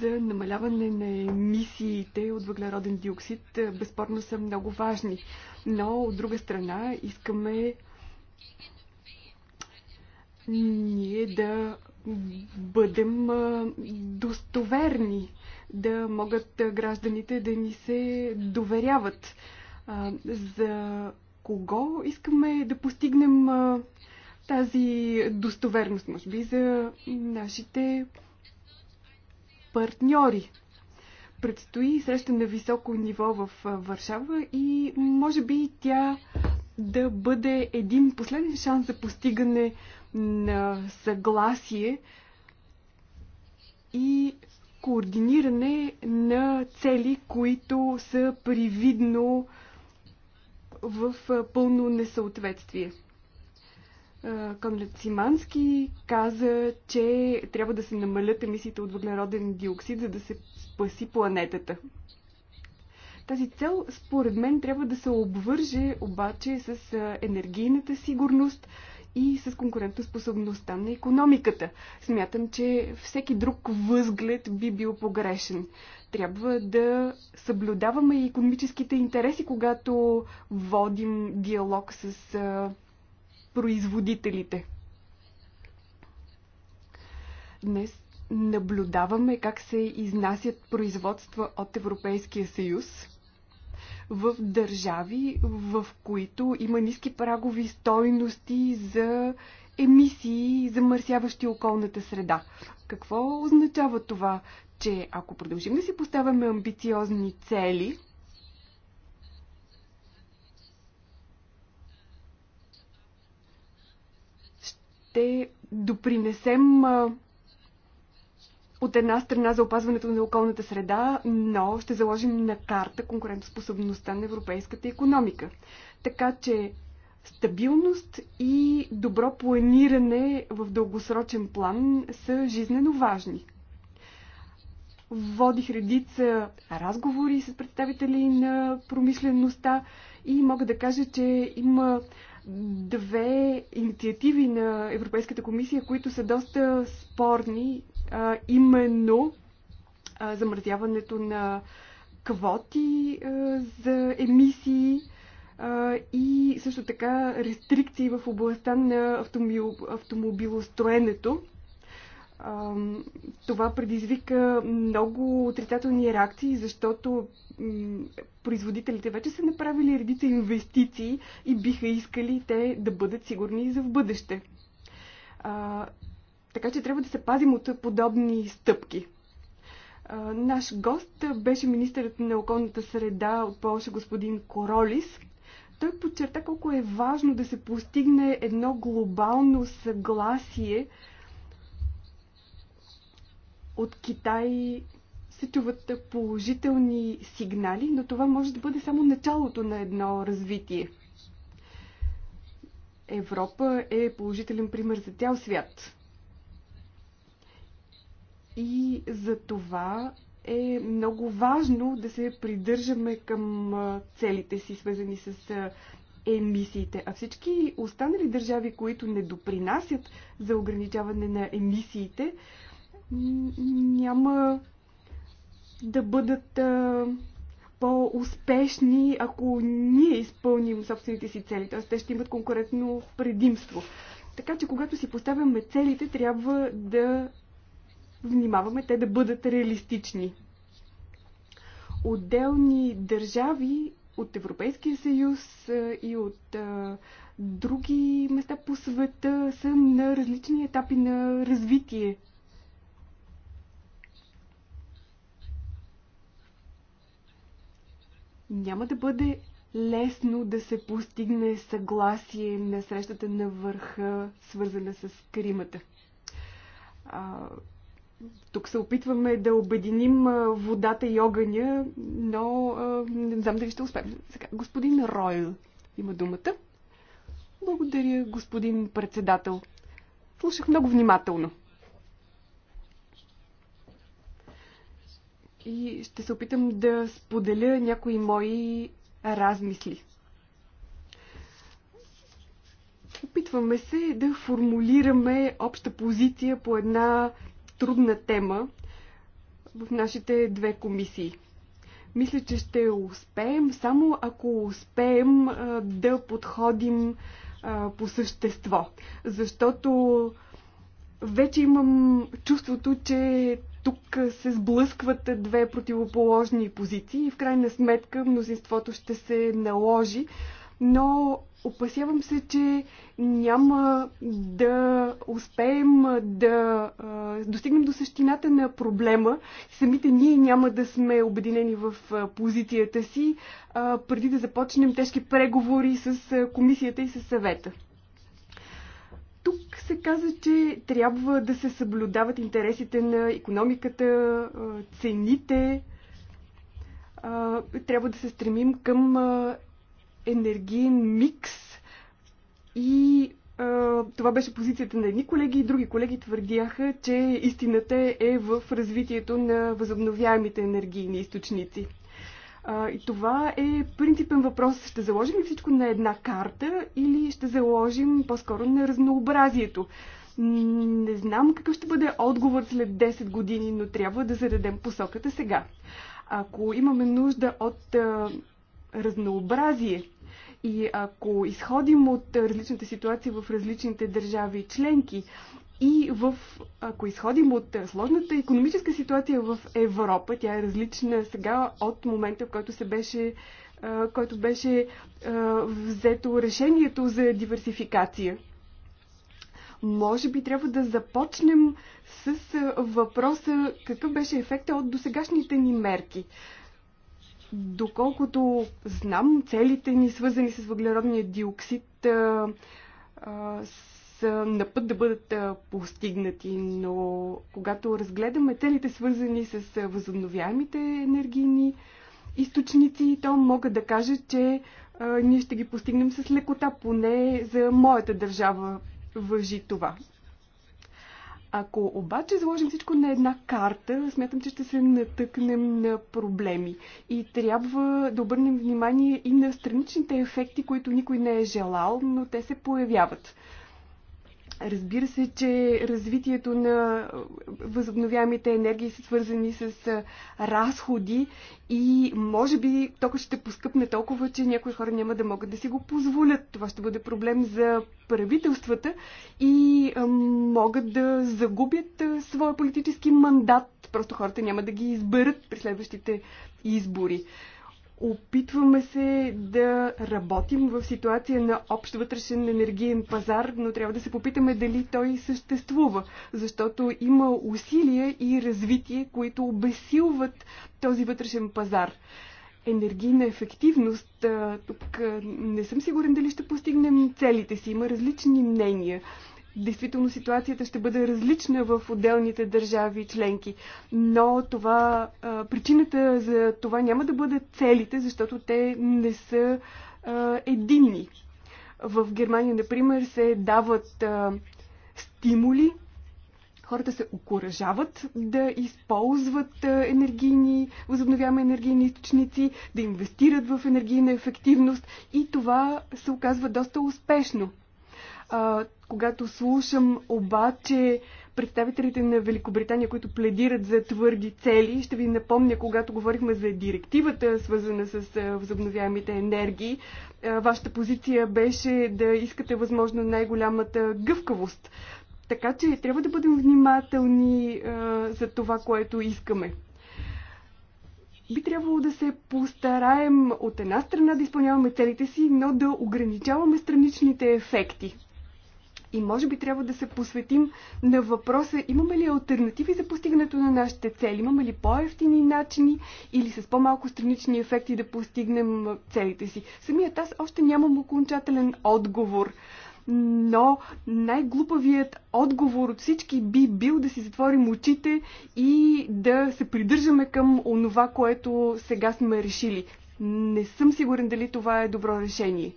за намаляване на емисиите от въглероден диоксид е, безспорно са много важни. Но от друга страна искаме ние да бъдем е, достоверни да могат гражданите да ни се доверяват. За кого искаме да постигнем тази достоверност, може би, за нашите партньори. Предстои среща на високо ниво в Варшава и може би тя да бъде един последен шанс за постигане на съгласие и координиране на цели, които са привидно в пълно несъответствие. Конрад Симански каза, че трябва да се намалят емисиите от въглероден диоксид, за да се спаси планетата. Тази цел, според мен, трябва да се обвърже обаче с енергийната сигурност и с конкурентоспособността на економиката. Смятам, че всеки друг възглед би бил погрешен. Трябва да съблюдаваме и економическите интереси, когато водим диалог с производителите. Днес наблюдаваме как се изнасят производства от Европейския съюз в държави, в които има ниски прагови стойности за емисии, замърсяващи околната среда. Какво означава това? Че ако продължим да си поставяме амбициозни цели, ще допринесем от една страна за опазването на околната среда, но ще заложим на карта конкурентоспособността на европейската економика. Така че стабилност и добро планиране в дългосрочен план са жизнено важни. Водих редица разговори с представители на промишлеността и мога да кажа, че има две инициативи на Европейската комисия, които са доста спорни а, именно а, замразяването на квоти а, за емисии а, и също така рестрикции в областта на автомобил, автомобилостроенето. А, това предизвика много отрицателни реакции, защото производителите вече са направили редица инвестиции и биха искали те да бъдат сигурни за в бъдеще. Така че трябва да се пазим от подобни стъпки. Наш гост беше министърът на околната среда от Польша господин Королис. Той подчерта колко е важно да се постигне едно глобално съгласие. От Китай се чуват положителни сигнали, но това може да бъде само началото на едно развитие. Европа е положителен пример за цял свят. И за това е много важно да се придържаме към целите си, свързани с емисиите. А всички останали държави, които не допринасят за ограничаване на емисиите, няма да бъдат по-успешни, ако ние изпълним собствените си цели. Т.е. те ще имат конкурентно предимство. Така че, когато си поставяме целите, трябва да внимаваме те да бъдат реалистични. Отделни държави от Европейския съюз и от а, други места по света са на различни етапи на развитие. Няма да бъде лесно да се постигне съгласие на срещата на върха, свързана с Кримата тук се опитваме да обединим водата и огъня, но не знам дали ще успеем. Сега, господин Ройл има думата. Благодаря, господин председател. Слушах много внимателно. И ще се опитам да споделя някои мои размисли. Опитваме се да формулираме обща позиция по една трудна тема в нашите две комисии. Мисля, че ще успеем, само ако успеем а, да подходим а, по същество. Защото вече имам чувството, че тук се сблъскват две противоположни позиции и в крайна сметка мнозинството ще се наложи но опасявам се, че няма да успеем да достигнем до същината на проблема. Самите ние няма да сме обединени в позицията си, преди да започнем тежки преговори с комисията и с съвета. Тук се каза, че трябва да се съблюдават интересите на економиката, цените. Трябва да се стремим към енергиен микс и а, това беше позицията на едни колеги и други колеги твърдяха, че истината е в развитието на възобновяемите енергийни източници. А, и това е принципен въпрос. Ще заложим ли всичко на една карта или ще заложим по-скоро на разнообразието? Не знам какъв ще бъде отговор след 10 години, но трябва да зададем посоката сега. Ако имаме нужда от а, разнообразие. И ако изходим от различната ситуация в различните държави и членки и в, ако изходим от сложната економическа ситуация в Европа, тя е различна сега от момента, в който се беше който беше взето решението за диверсификация. Може би трябва да започнем с въпроса какъв беше ефекта от досегашните ни мерки. Доколкото знам, целите ни, свързани с въглеродния диоксид, а, а, са на път да бъдат а, постигнати, но когато разгледаме целите, свързани с възобновяемите енергийни източници, то мога да кажа, че а, ние ще ги постигнем с лекота, поне за моята държава въжи това. Ако обаче заложим всичко на една карта, смятам, че ще се натъкнем на проблеми. И трябва да обърнем внимание и на страничните ефекти, които никой не е желал, но те се появяват. Разбира се, че развитието на възобновяемите енергии са свързани с разходи и може би тока ще поскъпне толкова, че някои хора няма да могат да си го позволят. Това ще бъде проблем за правителствата и могат да загубят своя политически мандат. Просто хората няма да ги изберат при следващите избори. Опитваме се да работим в ситуация на общ вътрешен енергиен пазар, но трябва да се попитаме дали той съществува, защото има усилия и развитие, които обесилват този вътрешен пазар. Енергийна ефективност, тук не съм сигурен дали ще постигнем целите си, има различни мнения действително ситуацията ще бъде различна в отделните държави и членки. Но това, причината за това няма да бъдат целите, защото те не са единни. В Германия, например, се дават стимули, хората се окоръжават да използват енергийни, възобновяваме енергийни източници, да инвестират в енергийна ефективност и това се оказва доста успешно. А, когато слушам обаче представителите на Великобритания, които пледират за твърди цели, ще ви напомня, когато говорихме за директивата, свързана с възобновяемите енергии, вашата позиция беше да искате възможно най-голямата гъвкавост. Така че трябва да бъдем внимателни за това, което искаме би трябвало да се постараем от една страна да изпълняваме целите си, но да ограничаваме страничните ефекти. И може би трябва да се посветим на въпроса имаме ли альтернативи за постигането на нашите цели, имаме ли по-ефтини начини или с по-малко странични ефекти да постигнем целите си. Самият аз още нямам окончателен отговор но най-глупавият отговор от всички би бил да си затворим очите и да се придържаме към онова, което сега сме решили. Не съм сигурен дали това е добро решение.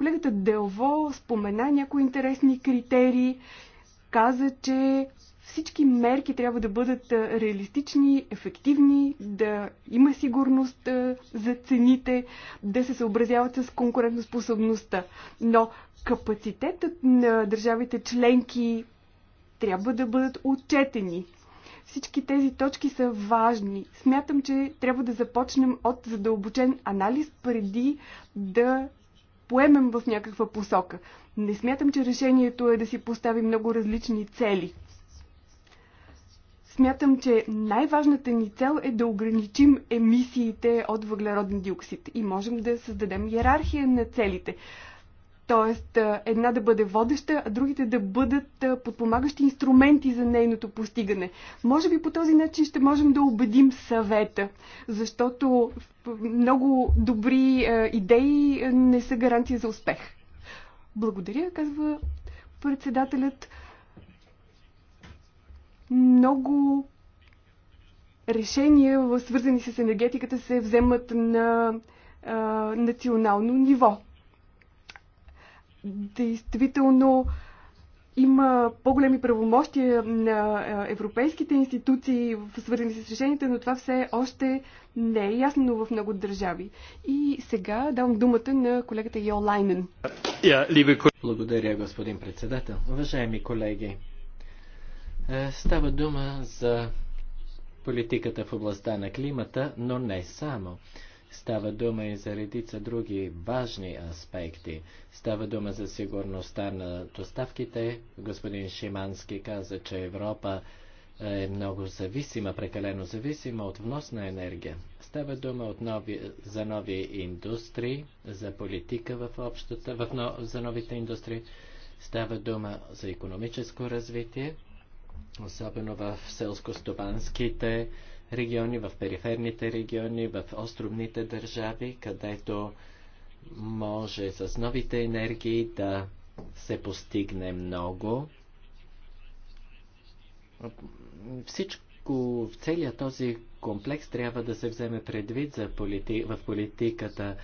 Колегата Делво спомена някои интересни критерии, каза, че всички мерки трябва да бъдат реалистични, ефективни, да има сигурност за цените, да се съобразяват с конкурентоспособността. Но капацитетът на държавите членки трябва да бъдат отчетени. Всички тези точки са важни. Смятам, че трябва да започнем от задълбочен анализ преди да поемем в някаква посока. Не смятам, че решението е да си поставим много различни цели. Смятам, че най-важната ни цел е да ограничим емисиите от въглероден диоксид и можем да създадем иерархия на целите. Т.е. една да бъде водеща, а другите да бъдат подпомагащи инструменти за нейното постигане. Може би по този начин ще можем да убедим съвета, защото много добри идеи не са гарантия за успех. Благодаря, казва председателят. Много решения, свързани с енергетиката, се вземат на национално ниво действително има по-големи правомощия на европейските институции, свързани с решенията, но това все още не е ясно в много държави. И сега давам думата на колегата Йо Лайнен. Благодаря, господин председател. Уважаеми колеги, е, става дума за политиката в областта на климата, но не само. Става дума и за редица други важни аспекти. Става дума за сигурността на доставките. Господин Шимански каза, че Европа е много зависима, прекалено зависима от вносна енергия. Става дума от нови, за нови индустрии, за политика в общата, в, но, за новите индустрии. Става дума за економическо развитие, особено в селско-стопанските региони, в периферните региони, в островните държави, където може с новите енергии да се постигне много. Всичко, в целият този комплекс трябва да се вземе предвид за полити, в политиката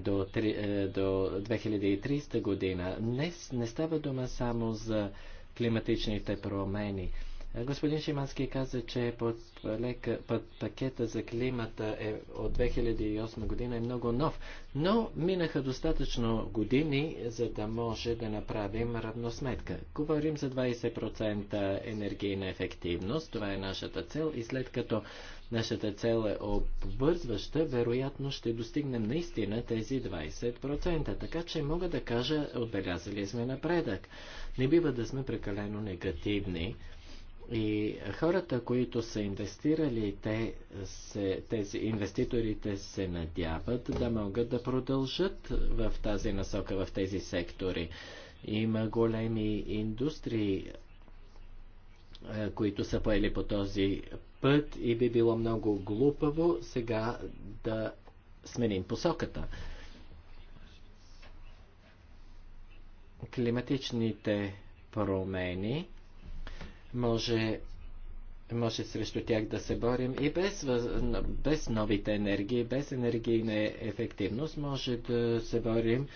до, до 2030 година. Днес не става дума само за климатичните промени. Господин Шимански каза, че под, лека, под пакета за климата е от 2008 година е много нов, но минаха достатъчно години, за да може да направим равносметка. Говорим за 20% енергийна ефективност, това е нашата цел и след като нашата цел е обвързваща, вероятно ще достигнем наистина тези 20%. Така че мога да кажа, отбелязали сме напредък. Не бива да сме прекалено негативни и хората, които са инвестирали, те се, тези инвеститорите се надяват да могат да продължат в тази насока, в тези сектори. Има големи индустрии, които са поели по този път и би било много глупаво сега да сменим посоката. Климатичните промени може, може срещу тях да се борим и без, без новите енергии, без енергийна ефективност може да се борим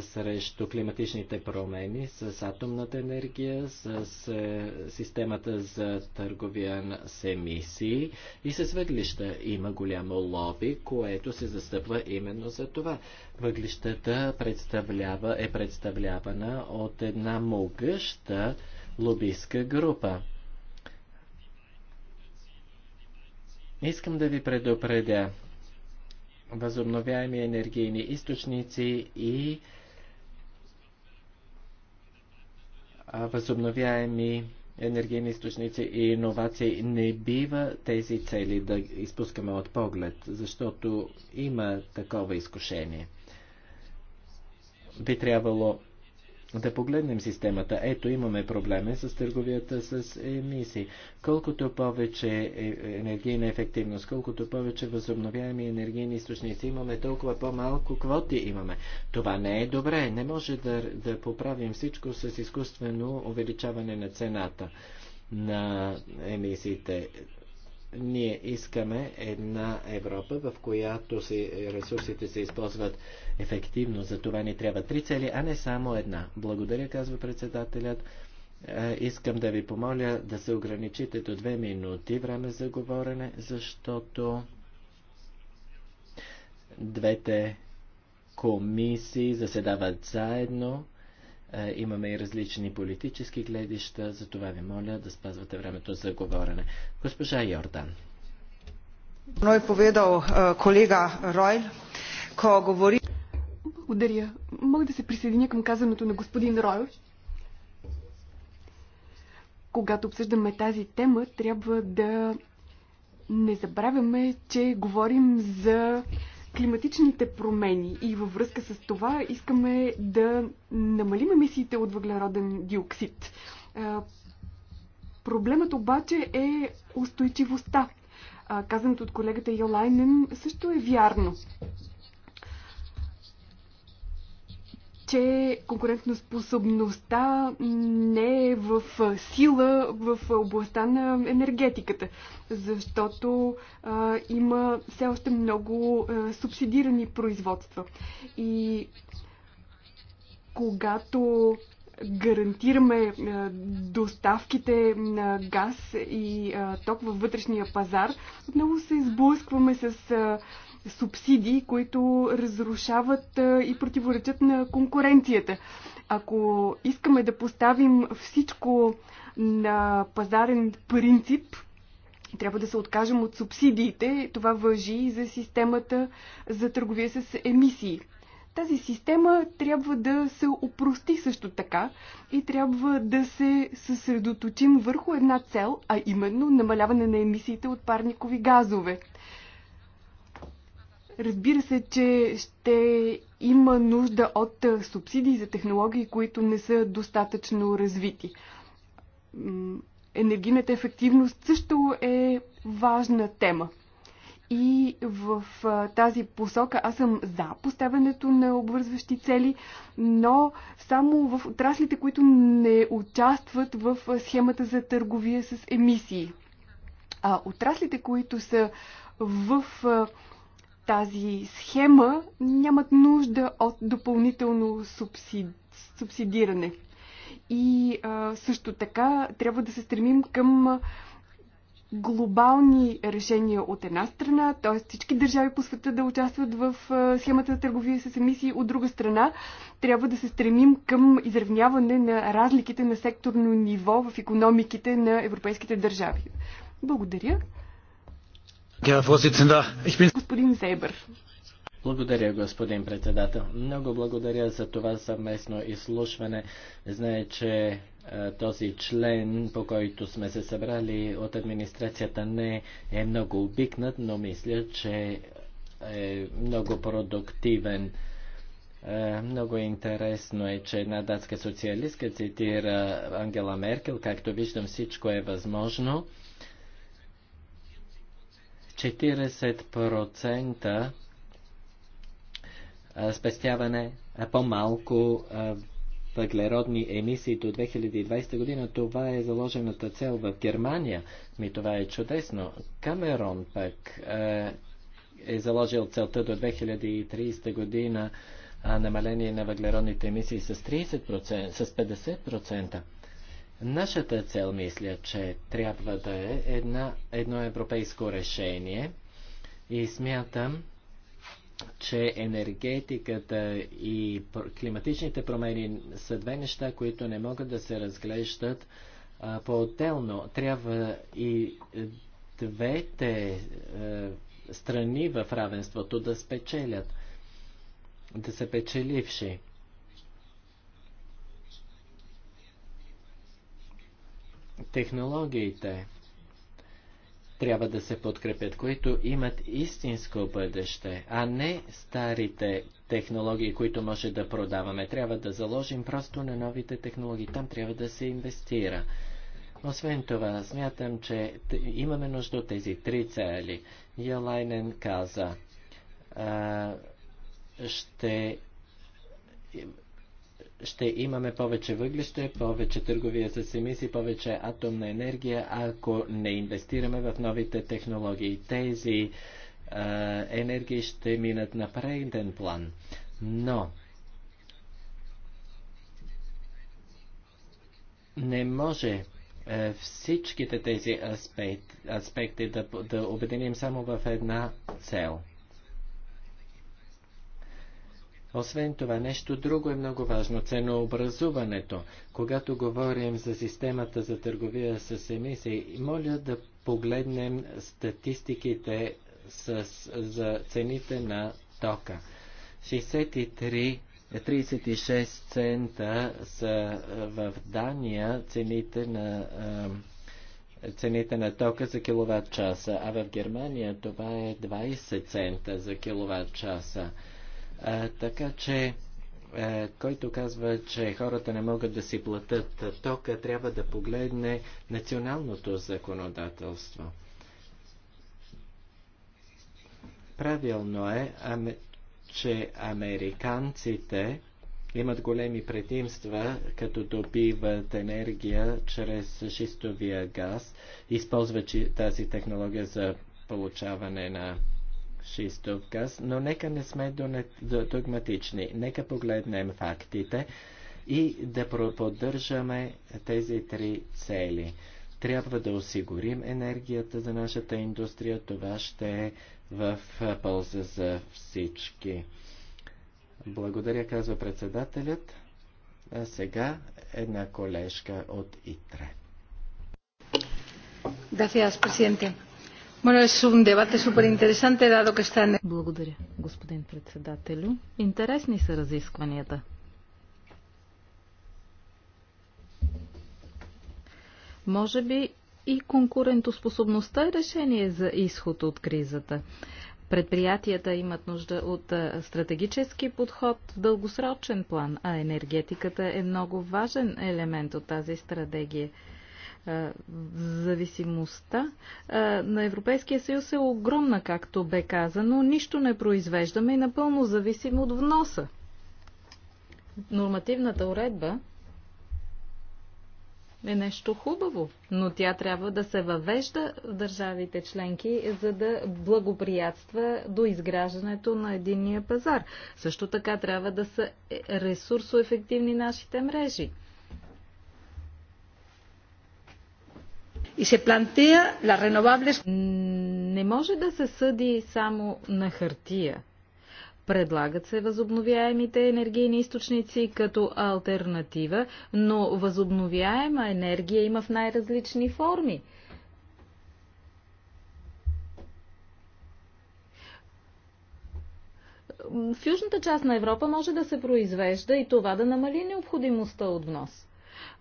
срещу климатичните промени с атомната енергия, с е, системата за търговия с емисии и с въглища. Има голямо лоби, което се застъпва именно за това. Въглищата представлява, е представлявана от една могъща лобистка група. Искам да ви предупредя възобновяеми енергийни източници и възобновяеми енергийни източници и иновации. Не бива тези цели да изпускаме от поглед, защото има такова изкушение. Би трябвало да погледнем системата. Ето, имаме проблеми с търговията с емисии. Колкото повече е, енергийна ефективност, колкото повече възобновяеми енергийни източници имаме, толкова по-малко квоти имаме. Това не е добре. Не може да, да поправим всичко с изкуствено увеличаване на цената на емисиите ние искаме една Европа, в която си ресурсите се използват ефективно. За това ни трябва три цели, а не само една. Благодаря, казва председателят. Е, искам да ви помоля да се ограничите до две минути време за говорене, защото двете комисии заседават заедно. Е, имаме и различни политически гледища, за това ви моля да спазвате времето за говорене. Госпожа Йордан. Но е поведал колега Ройл, ко говори благодаря. Мога да се присъединя към казаното на господин Ройл. Когато обсъждаме тази тема, трябва да не забравяме, че говорим за климатичните промени и във връзка с това искаме да намалим емисиите от въглероден диоксид. Проблемът обаче е устойчивостта. Казаното от колегата Йолайнен също е вярно. че конкурентоспособността не е в сила в областта на енергетиката, защото а, има все още много а, субсидирани производства. И когато гарантираме доставките на газ и ток във вътрешния пазар, отново се изблъскваме с субсидии, които разрушават и противоречат на конкуренцията. Ако искаме да поставим всичко на пазарен принцип, трябва да се откажем от субсидиите. Това въжи и за системата за търговия с емисии. Тази система трябва да се опрости също така и трябва да се съсредоточим върху една цел, а именно намаляване на емисиите от парникови газове. Разбира се, че ще има нужда от субсидии за технологии, които не са достатъчно развити. Енергийната ефективност също е важна тема. И в тази посока аз съм за поставянето на обвързващи цели, но само в отраслите, които не участват в схемата за търговия с емисии. А отраслите, които са в тази схема, нямат нужда от допълнително субсид... субсидиране. И а, също така трябва да се стремим към глобални решения от една страна, т.е. всички държави по света да участват в схемата за търговия с емисии, от друга страна трябва да се стремим към изравняване на разликите на секторно ниво в економиките на европейските държави. Благодаря. Господин Зейбър. Благодаря, господин председател. Много благодаря за това съвместно изслушване. Знае, че този член, по който сме се събрали от администрацията, не е много обикнат, но мисля, че е много продуктивен. Много интересно е, че една датска социалистка цитира Ангела Меркел. Както виждам, всичко е възможно. 40% спестяване, по-малко въглеродни емисии до 2020 година. Това е заложената цел в Германия. Ми това е чудесно. Камерон пък е заложил целта до 2030 година намаление на въглеродните емисии с 30%, с 50%. Нашата цел, мисля, че трябва да е една, едно европейско решение и смятам, че енергетиката и климатичните промени са две неща, които не могат да се разглеждат по-отделно. Трябва и е, двете е, страни в равенството да спечелят, да са печеливши. технологиите трябва да се подкрепят, които имат истинско бъдеще, а не старите технологии, които може да продаваме. Трябва да заложим просто на новите технологии. Там трябва да се инвестира. Освен това, смятам, че имаме нужда от тези три цели. Йолайнен каза, а, ще ще имаме повече въглеще, повече търговия с емисии, повече атомна енергия, ако не инвестираме в новите технологии. Тези е, енергии ще минат на преден план. Но не може е, всичките тези аспект, аспекти да, да обединим само в една цел – освен това, нещо друго е много важно – ценообразуването. Когато говорим за системата за търговия с емисии, моля да погледнем статистиките с, за цените на тока. 63 36 цента са в Дания цените на, цените на тока за киловатт часа, а в Германия това е 20 цента за киловатт часа. Така че, който казва, че хората не могат да си платят тока, трябва да погледне националното законодателство. Правилно е, че американците имат големи предимства, като добиват енергия чрез шистовия газ, използват тази технология за получаване на шистов газ, но нека не сме догматични. Нека погледнем фактите и да поддържаме тези три цели. Трябва да осигурим енергията за нашата индустрия. Това ще е в полза за всички. Благодаря, казва председателят. А сега една колежка от ИТРЕ. Gracias, presidente. Благодаря, господин председателю. Интересни са разискванията. Може би и конкурентоспособността е решение за изход от кризата. Предприятията имат нужда от стратегически подход в дългосрочен план, а енергетиката е много важен елемент от тази стратегия. Е, зависимостта е, на Европейския съюз е огромна, както бе казано. Нищо не произвеждаме и напълно зависим от вноса. Нормативната уредба е нещо хубаво, но тя трябва да се въвежда в държавите членки, за да благоприятства до изграждането на единния пазар. Също така трябва да са е, ресурсоефективни нашите мрежи. и се плантея ла реновабле. Не може да се съди само на хартия. Предлагат се възобновяемите енергийни източници като альтернатива, но възобновяема енергия има в най-различни форми. В южната част на Европа може да се произвежда и това да намали необходимостта от внос.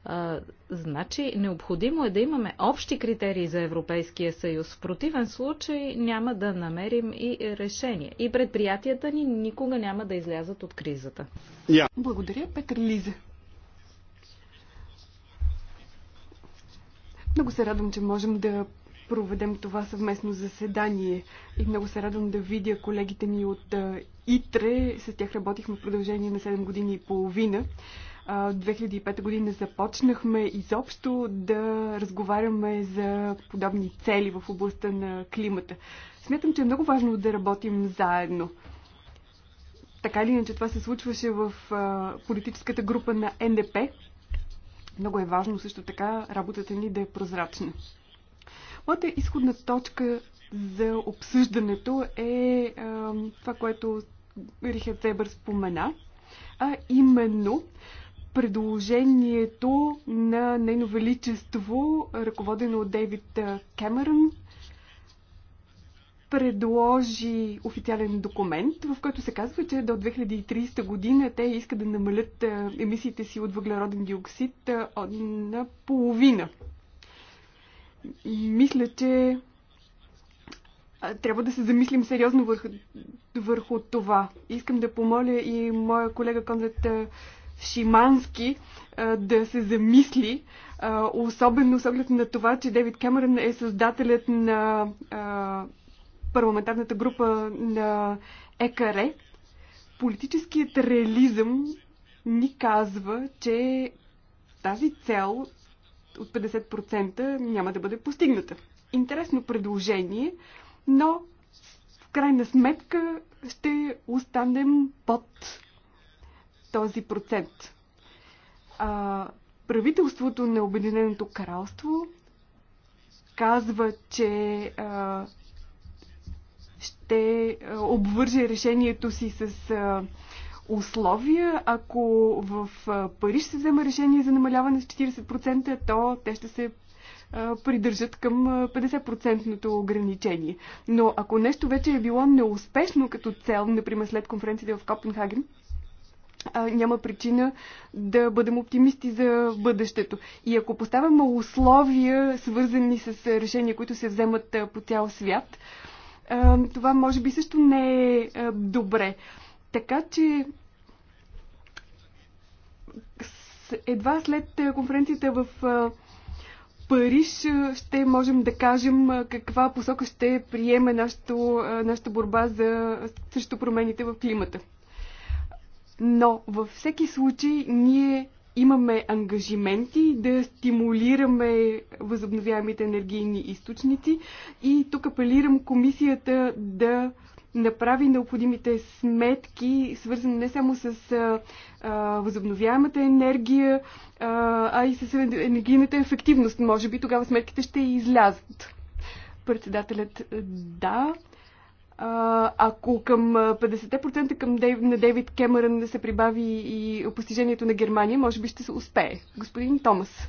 А, значи, необходимо е да имаме общи критерии за Европейския съюз. В противен случай няма да намерим и решение. И предприятията ни никога няма да излязат от кризата. Yeah. Благодаря, Петър Лизе. Много се радвам, че можем да проведем това съвместно заседание и много се радвам да видя колегите ми от ИТРЕ. С тях работихме в продължение на 7 години и половина. 2005 година започнахме изобщо да разговаряме за подобни цели в областта на климата. Смятам, че е много важно да работим заедно. Така или иначе това се случваше в политическата група на НДП. Много е важно също така работата ни да е прозрачна. Моята изходна точка за обсъждането е това, което Рихард Зебър спомена, а именно предложението на Нейно Величество, ръководено от Дейвид Кемерън, предложи официален документ, в който се казва, че до 2030 година те искат да намалят емисиите си от въглероден диоксид на половина. Мисля, че трябва да се замислим сериозно върху, върху това. Искам да помоля и моя колега Конзет Шимански да се замисли, особено с оглед на това, че Девид Кемерън е създателят на парламентарната група на ЕКАРЕ. Политическият реализъм ни казва, че тази цел от 50% няма да бъде постигната. Интересно предложение, но в крайна сметка ще останем под този процент. А, правителството на Обединеното кралство казва, че а, ще обвърже решението си с а, условия. Ако в а, Париж се взема решение за намаляване с 40%, то те ще се а, придържат към 50 ограничение. Но ако нещо вече е било неуспешно като цел, например след конференцията в Копенхаген, а, няма причина да бъдем оптимисти за бъдещето. И ако поставяме условия, свързани с решения, които се вземат по цял свят, а, това може би също не е а, добре. Така че едва след конференцията в Париж ще можем да кажем каква посока ще приеме нашата борба за, срещу промените в климата. Но във всеки случай ние имаме ангажименти да стимулираме възобновяемите енергийни източници и тук апелирам комисията да направи необходимите сметки, свързани не само с а, възобновяемата енергия, а, а и с енергийната ефективност. Може би тогава сметките ще излязат. Председателят да ако към 50% към Дейв, на Дейвид Кемерън се прибави и постижението на Германия, може би ще се успее. Господин Томас.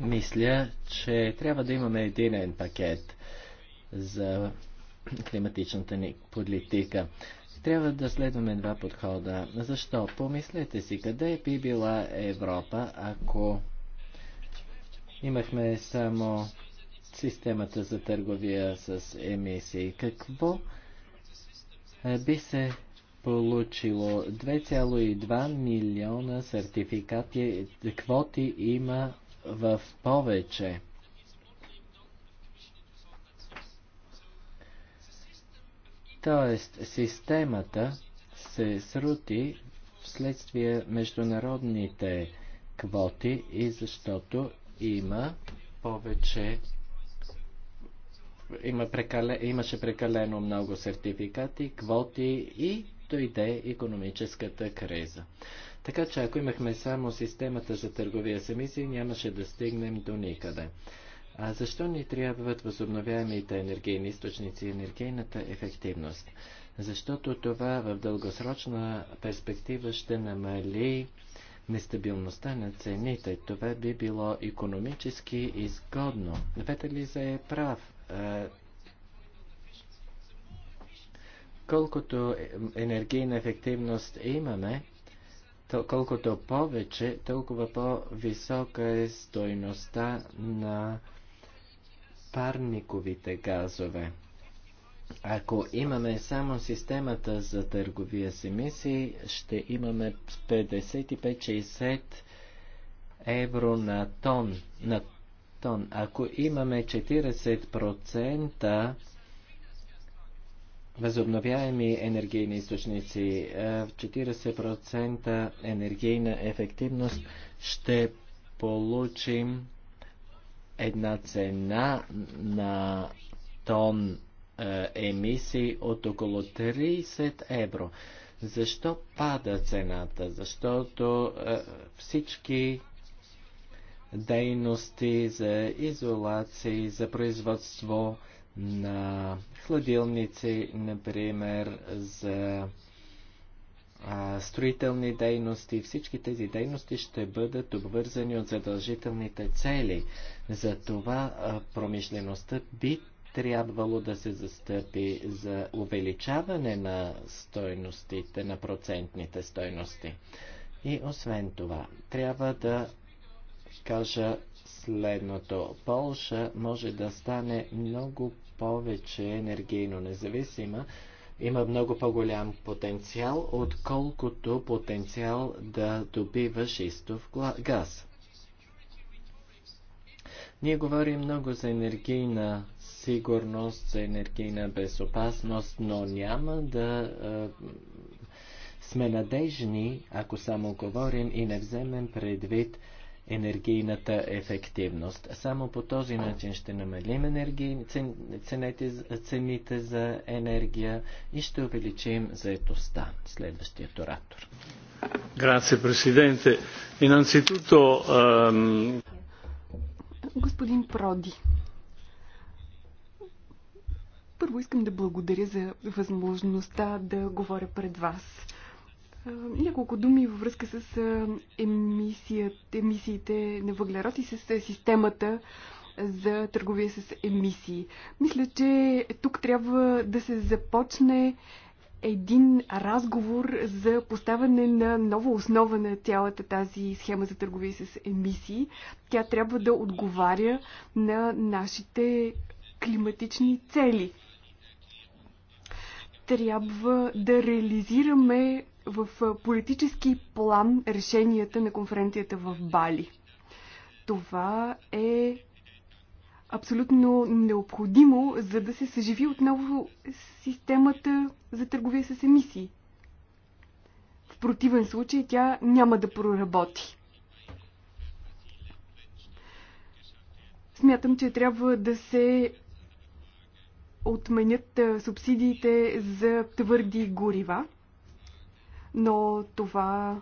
Мисля, че трябва да имаме единен пакет за климатичната ни политика. Трябва да следваме два подхода. Защо? Помислете си, къде би била Европа, ако имахме само системата за търговия с емисии. Какво е, би се получило? 2,2 милиона сертификати, квоти има в повече. Тоест, системата се срути вследствие международните квоти и защото има повече има прекале, имаше прекалено много сертификати, квоти и дойде економическата криза. Така че ако имахме само системата за търговия с емисии, нямаше да стигнем до никъде. А защо ни трябват възобновяемите енергийни източници и енергийната ефективност? Защото това в дългосрочна перспектива ще намали нестабилността на цените. Това би било економически изгодно. Ветелиза е прав. Е, колкото енергийна ефективност имаме, колкото повече, толкова по-висока е стойността на парниковите газове. Ако имаме само системата за търговия с емисии, ще имаме 55-60 евро на тон, на Естон, ако имаме 40% възобновяеми енергийни източници, 40% енергийна ефективност, ще получим една цена на тон емисии от около 30 евро. Защо пада цената? Защото е, всички дейности за изолации, за производство на хладилници, например, за строителни дейности. Всички тези дейности ще бъдат обвързани от задължителните цели. За това промишлеността би трябвало да се застъпи за увеличаване на стойностите, на процентните стойности. И освен това, трябва да кажа следното. Полша може да стане много повече енергийно независима, има много по-голям потенциал, отколкото потенциал да добива шистов газ. Ние говорим много за енергийна сигурност, за енергийна безопасност, но няма да е, сме надежни, ако само говорим и не вземем предвид енергийната ефективност. Само по този начин ще намалим енергий, цените, цените за енергия и ще увеличим заетостта. Следващият оратор. Grazie Presidente. Innanzitutto... Um... Господин Проди, първо искам да благодаря за възможността да говоря пред вас. Е, няколко думи във връзка с е, емисиите на въглерод и с е, системата за търговия с емисии. Мисля, че тук трябва да се започне един разговор за поставяне на нова основа на цялата тази схема за търговия с емисии. Тя трябва да отговаря на нашите климатични цели. Трябва да реализираме в политически план решенията на конференцията в Бали. Това е абсолютно необходимо, за да се съживи отново системата за търговия с емисии. В противен случай тя няма да проработи. Смятам, че трябва да се отменят субсидиите за твърди горива но това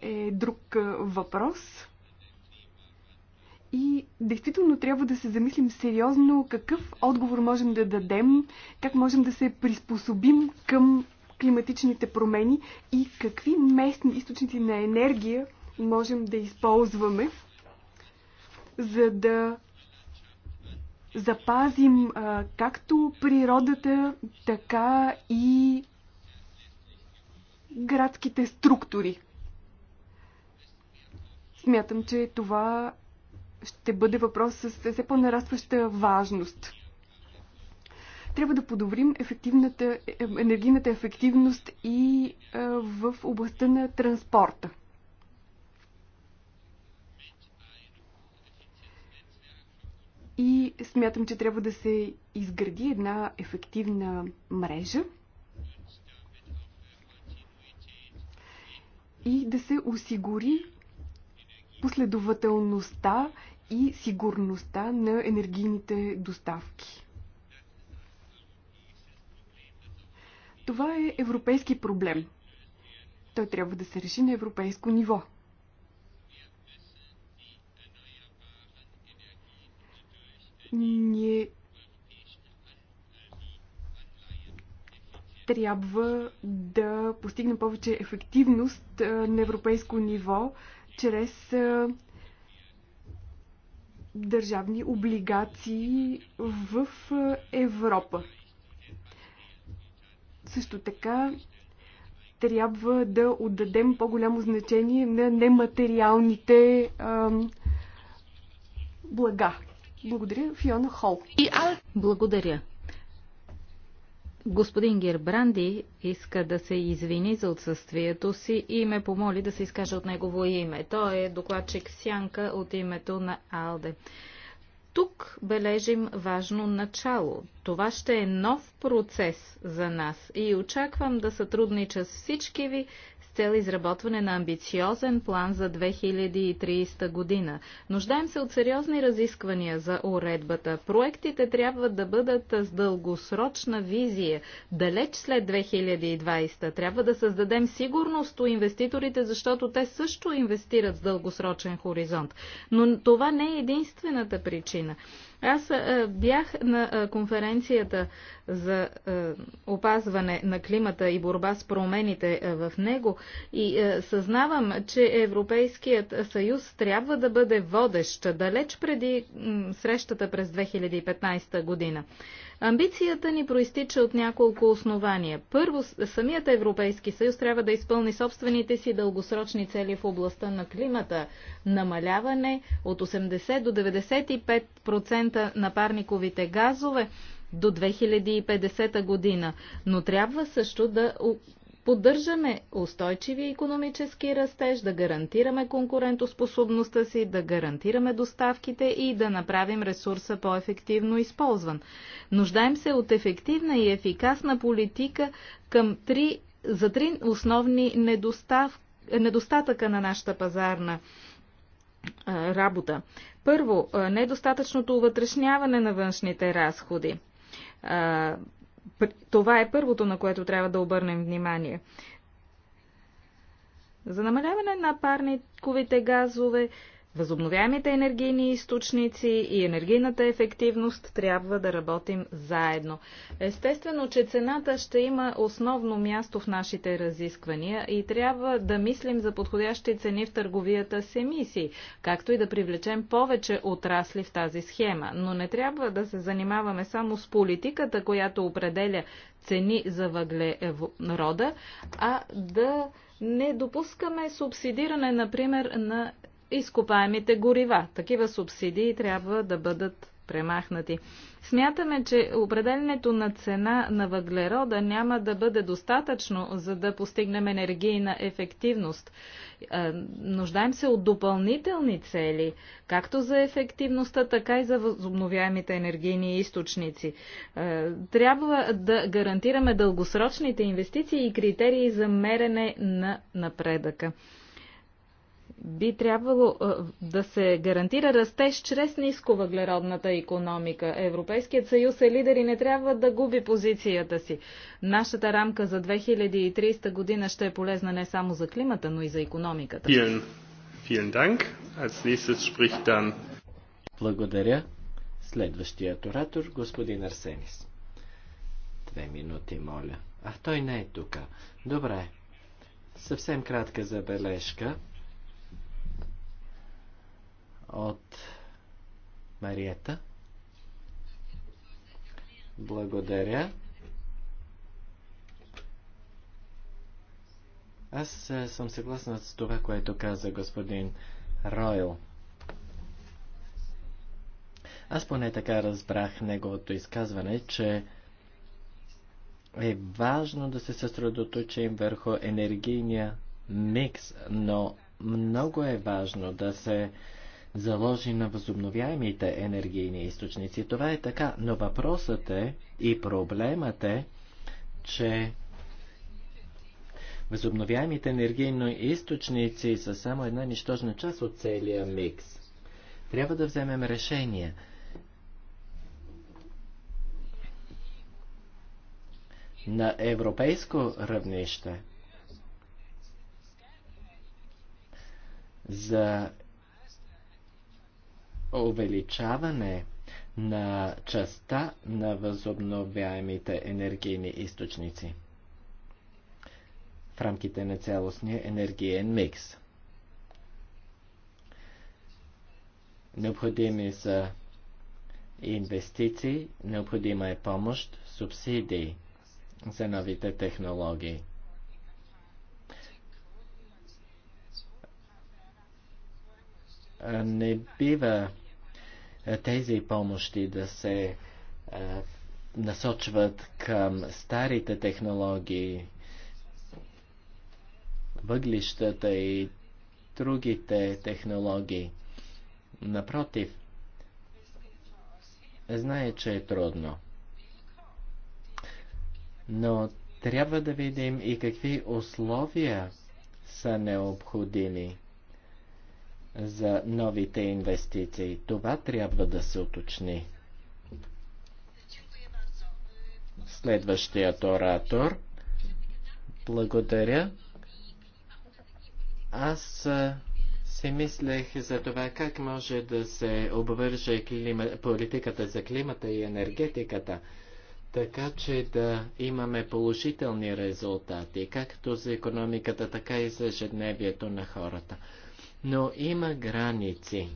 е друг въпрос. И действително трябва да се замислим сериозно какъв отговор можем да дадем, как можем да се приспособим към климатичните промени и какви местни източници на енергия можем да използваме, за да запазим а, както природата, така и градските структури. Смятам, че това ще бъде въпрос с все по-нарастваща важност. Трябва да подобрим ефективната, е, енергийната ефективност и е, в областта на транспорта. И смятам, че трябва да се изгради една ефективна мрежа – и да се осигури последователността и сигурността на енергийните доставки. Това е европейски проблем. Той трябва да се реши на европейско ниво. Ние трябва да постигнем повече ефективност на европейско ниво чрез държавни облигации в Европа. Също така трябва да отдадем по-голямо значение на нематериалните а, блага. Благодаря, Фиона Хол. Благодаря. Господин Гербранди иска да се извини за отсъствието си и ме помоли да се изкаже от негово име. Той е докладчик Сянка от името на Алде. Тук бележим важно начало. Това ще е нов процес за нас и очаквам да сътруднича с всички ви, цел изработване на амбициозен план за 2030 година. Нуждаем се от сериозни разисквания за уредбата. Проектите трябва да бъдат с дългосрочна визия, далеч след 2020. Трябва да създадем сигурност у инвеститорите, защото те също инвестират с дългосрочен хоризонт. Но това не е единствената причина. Аз бях на конференцията за опазване на климата и борба с промените в него и съзнавам, че Европейският съюз трябва да бъде водещ далеч преди срещата през 2015 година. Амбицията ни проистича от няколко основания. Първо, самият Европейски съюз трябва да изпълни собствените си дългосрочни цели в областта на климата. Намаляване от 80 до 95% на парниковите газове до 2050 година. Но трябва също да поддържаме устойчиви економически растеж, да гарантираме конкурентоспособността си, да гарантираме доставките и да направим ресурса по-ефективно използван. Нуждаем се от ефективна и ефикасна политика към три, за три основни недостав, недостатъка на нашата пазарна работа. Първо, недостатъчното увътрешняване на външните разходи това е първото, на което трябва да обърнем внимание. За намаляване на парниковите газове Възобновяемите енергийни източници и енергийната ефективност трябва да работим заедно. Естествено, че цената ще има основно място в нашите разисквания и трябва да мислим за подходящи цени в търговията с емисии, както и да привлечем повече отрасли в тази схема. Но не трябва да се занимаваме само с политиката, която определя цени за въглерода, а да не допускаме субсидиране, например, на изкопаемите горива. Такива субсидии трябва да бъдат премахнати. Смятаме, че определенето на цена на въглерода няма да бъде достатъчно, за да постигнем енергийна ефективност. Е, нуждаем се от допълнителни цели, както за ефективността, така и за възобновяемите енергийни източници. Е, трябва да гарантираме дългосрочните инвестиции и критерии за мерене на напредъка би трябвало е, да се гарантира растеж чрез ниско въглеродната економика. Европейският съюз е лидер и не трябва да губи позицията си. Нашата рамка за 2030 година ще е полезна не само за климата, но и за економиката. Благодаря. Следващият оратор, господин Арсенис. Две минути, моля. А той не е тук. Добре. Съвсем кратка забележка от Мариета. Благодаря. Аз съм съгласна с това, което каза господин Ройл. Аз поне така разбрах неговото изказване, че е важно да се съсредоточим върху енергийния микс, но много е важно да се заложи на възобновяемите енергийни източници. Това е така, но въпросът е и проблемът е, че възобновяемите енергийни източници са само една нищожна част от целия микс. Трябва да вземем решение. На европейско равнище за увеличаване на частта на възобновяемите енергийни източници в рамките на цялостния енергиен микс. Необходими са инвестиции, необходима е помощ, субсидии за новите технологии. Не бива е, тези помощи да се е, насочват към старите технологии, въглищата и другите технологии. Напротив, знае, че е трудно. Но трябва да видим и какви условия са необходими за новите инвестиции. Това трябва да се уточни. Следващият оратор. Благодаря. Аз си мислех за това как може да се обвърже клима, политиката за климата и енергетиката, така че да имаме положителни резултати, както за економиката, така и за ежедневието на хората. Но има граници.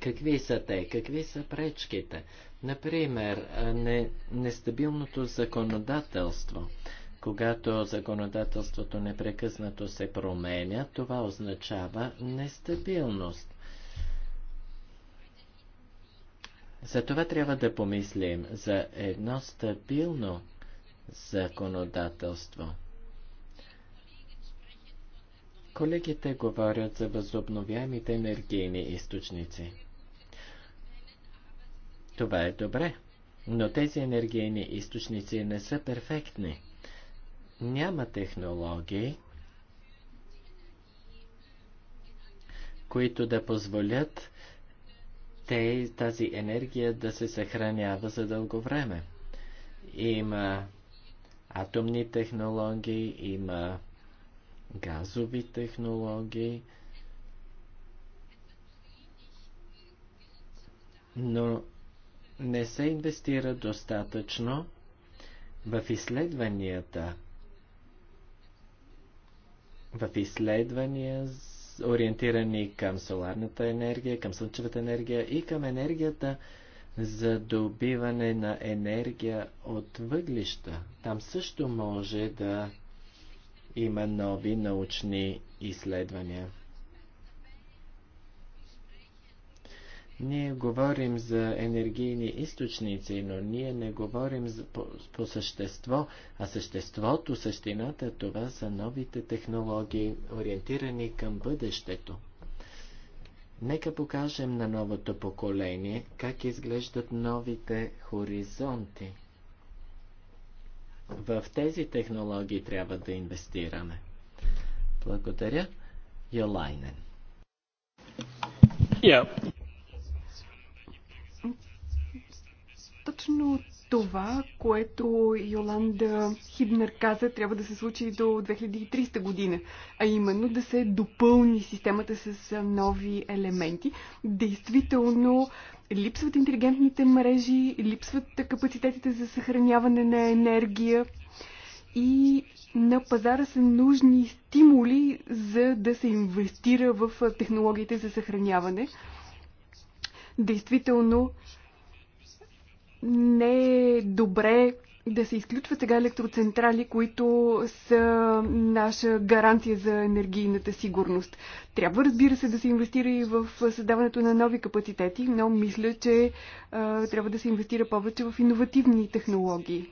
Какви са те? Какви са пречките? Например, не, нестабилното законодателство. Когато законодателството непрекъснато се променя, това означава нестабилност. Затова трябва да помислим за едно стабилно законодателство. Колегите говорят за възобновяемите енергийни източници. Това е добре, но тези енергийни източници не са перфектни. Няма технологии, които да позволят те, тази енергия да се съхранява за дълго време. Има атомни технологии, има газови технологии, но не се инвестира достатъчно в изследванията, в изследвания, ориентирани към соларната енергия, към слънчевата енергия и към енергията за добиване на енергия от въглища. Там също може да има нови научни изследвания. Ние говорим за енергийни източници, но ние не говорим за, по, по същество, а съществото, същината, това са новите технологии, ориентирани към бъдещето. Нека покажем на новото поколение как изглеждат новите хоризонти – в тези технологии трябва да инвестираме. Благодаря. Йолайнен. Yeah. Точно това, което Йоланда Хибнер каза, трябва да се случи до 2300 година, а именно да се допълни системата с нови елементи. Действително липсват интелигентните мрежи, липсват капацитетите за съхраняване на енергия и на пазара са нужни стимули за да се инвестира в технологиите за съхраняване. Действително не е добре да се изключват сега електроцентрали, които са наша гаранция за енергийната сигурност. Трябва, разбира се, да се инвестира и в създаването на нови капацитети, но мисля, че а, трябва да се инвестира повече в иновативни технологии.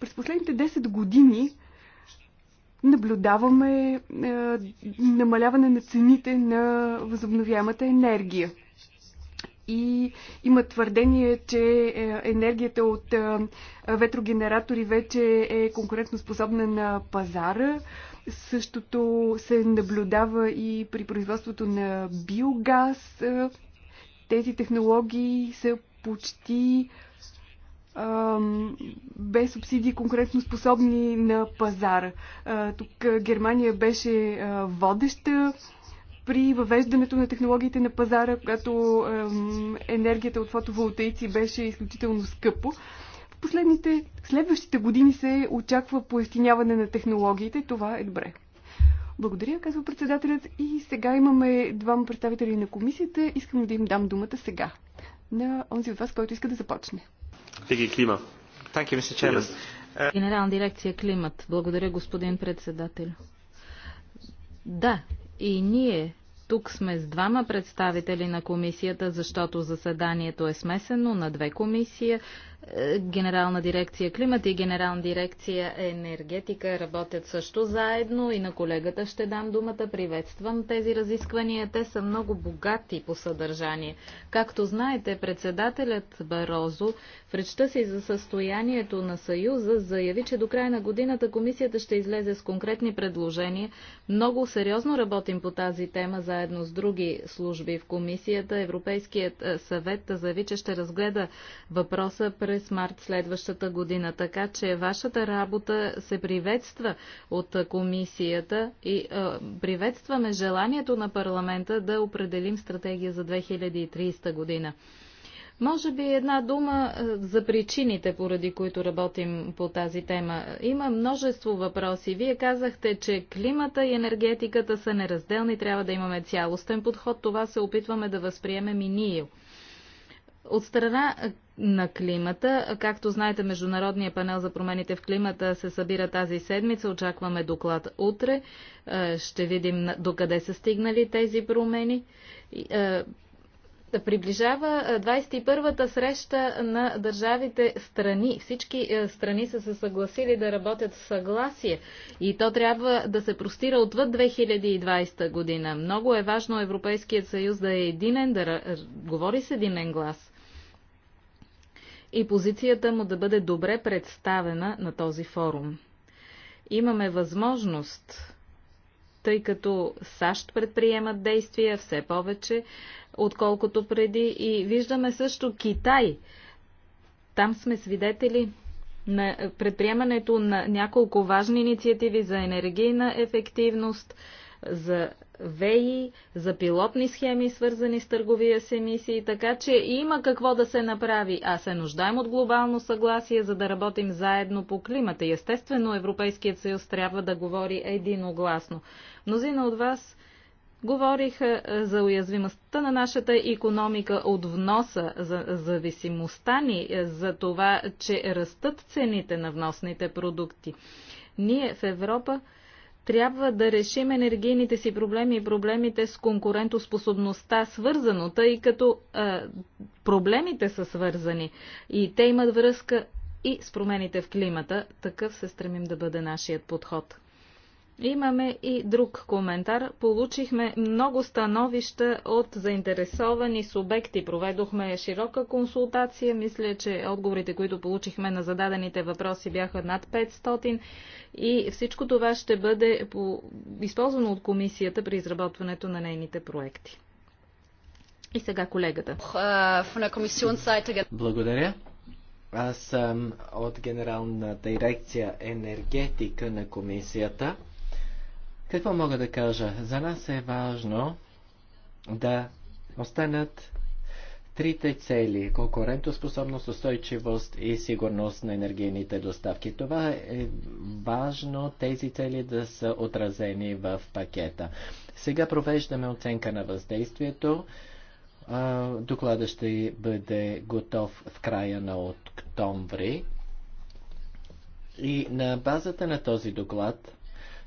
През последните 10 години наблюдаваме а, намаляване на цените на възобновяемата енергия и има твърдение, че е, енергията от е, ветрогенератори вече е конкурентоспособна на пазара. Същото се наблюдава и при производството на биогаз. Е, тези технологии са почти без субсидии конкретно способни на пазара. Тук Германия беше водеща при въвеждането на технологиите на пазара, когато енергията от фотоволтейци беше изключително скъпо. В последните, следващите години се очаква поестиняване на технологиите. Това е добре. Благодаря, казва председателят. И сега имаме двама представители на комисията. Искам да им дам думата сега. На онзи от вас, който иска да започне. Диги Клима. Е, Генерална дирекция Климат. Благодаря, господин председател. Да, и ние тук сме с двама представители на комисията, защото заседанието е смесено на две комисии. Е, Генерална дирекция Климат и Генерална дирекция Енергетика работят също заедно и на колегата ще дам думата. Приветствам тези разисквания. Те са много богати по съдържание. Както знаете, председателят Барозо в речта си за състоянието на Съюза заяви, че до края на годината комисията ще излезе с конкретни предложения. Много сериозно работим по тази тема заедно с други служби в комисията. Европейският е, съвет заяви, че ще разгледа въпроса през през март следващата година. Така че вашата работа се приветства от комисията и а, е, приветстваме желанието на парламента да определим стратегия за 2030 година. Може би една дума е, за причините, поради които работим по тази тема. Има множество въпроси. Вие казахте, че климата и енергетиката са неразделни, трябва да имаме цялостен подход. Това се опитваме да възприемем и ние. От страна на климата, както знаете, Международния панел за промените в климата се събира тази седмица. Очакваме доклад утре. Ще видим докъде са стигнали тези промени. Приближава 21-та среща на държавите страни. Всички страни са се съгласили да работят в съгласие и то трябва да се простира отвъд 2020 година. Много е важно Европейският съюз да е единен, да говори с единен глас и позицията му да бъде добре представена на този форум. Имаме възможност, тъй като САЩ предприемат действия все повече, отколкото преди, и виждаме също Китай. Там сме свидетели на предприемането на няколко важни инициативи за енергийна ефективност, за ВЕИ, за пилотни схеми, свързани с търговия с емисии, така че има какво да се направи, а се нуждаем от глобално съгласие, за да работим заедно по климата. И естествено, Европейският съюз трябва да говори единогласно. Мнозина от вас говориха е, за уязвимостта на нашата економика от вноса, за зависимостта ни, е, за това, че растат цените на вносните продукти. Ние в Европа трябва да решим енергийните си проблеми и проблемите с конкурентоспособността свързано, тъй като а, проблемите са свързани и те имат връзка и с промените в климата. Такъв се стремим да бъде нашият подход. Имаме и друг коментар. Получихме много становища от заинтересовани субекти. Проведохме широка консултация. Мисля, че отговорите, които получихме на зададените въпроси бяха над 500 и всичко това ще бъде по... използвано от комисията при изработването на нейните проекти. И сега колегата. Благодаря. Аз съм от Генерална дирекция енергетика на комисията. Какво мога да кажа? За нас е важно да останат трите цели – конкурентоспособност, устойчивост и сигурност на енергийните доставки. Това е важно тези цели да са отразени в пакета. Сега провеждаме оценка на въздействието. Докладът ще бъде готов в края на октомври. И на базата на този доклад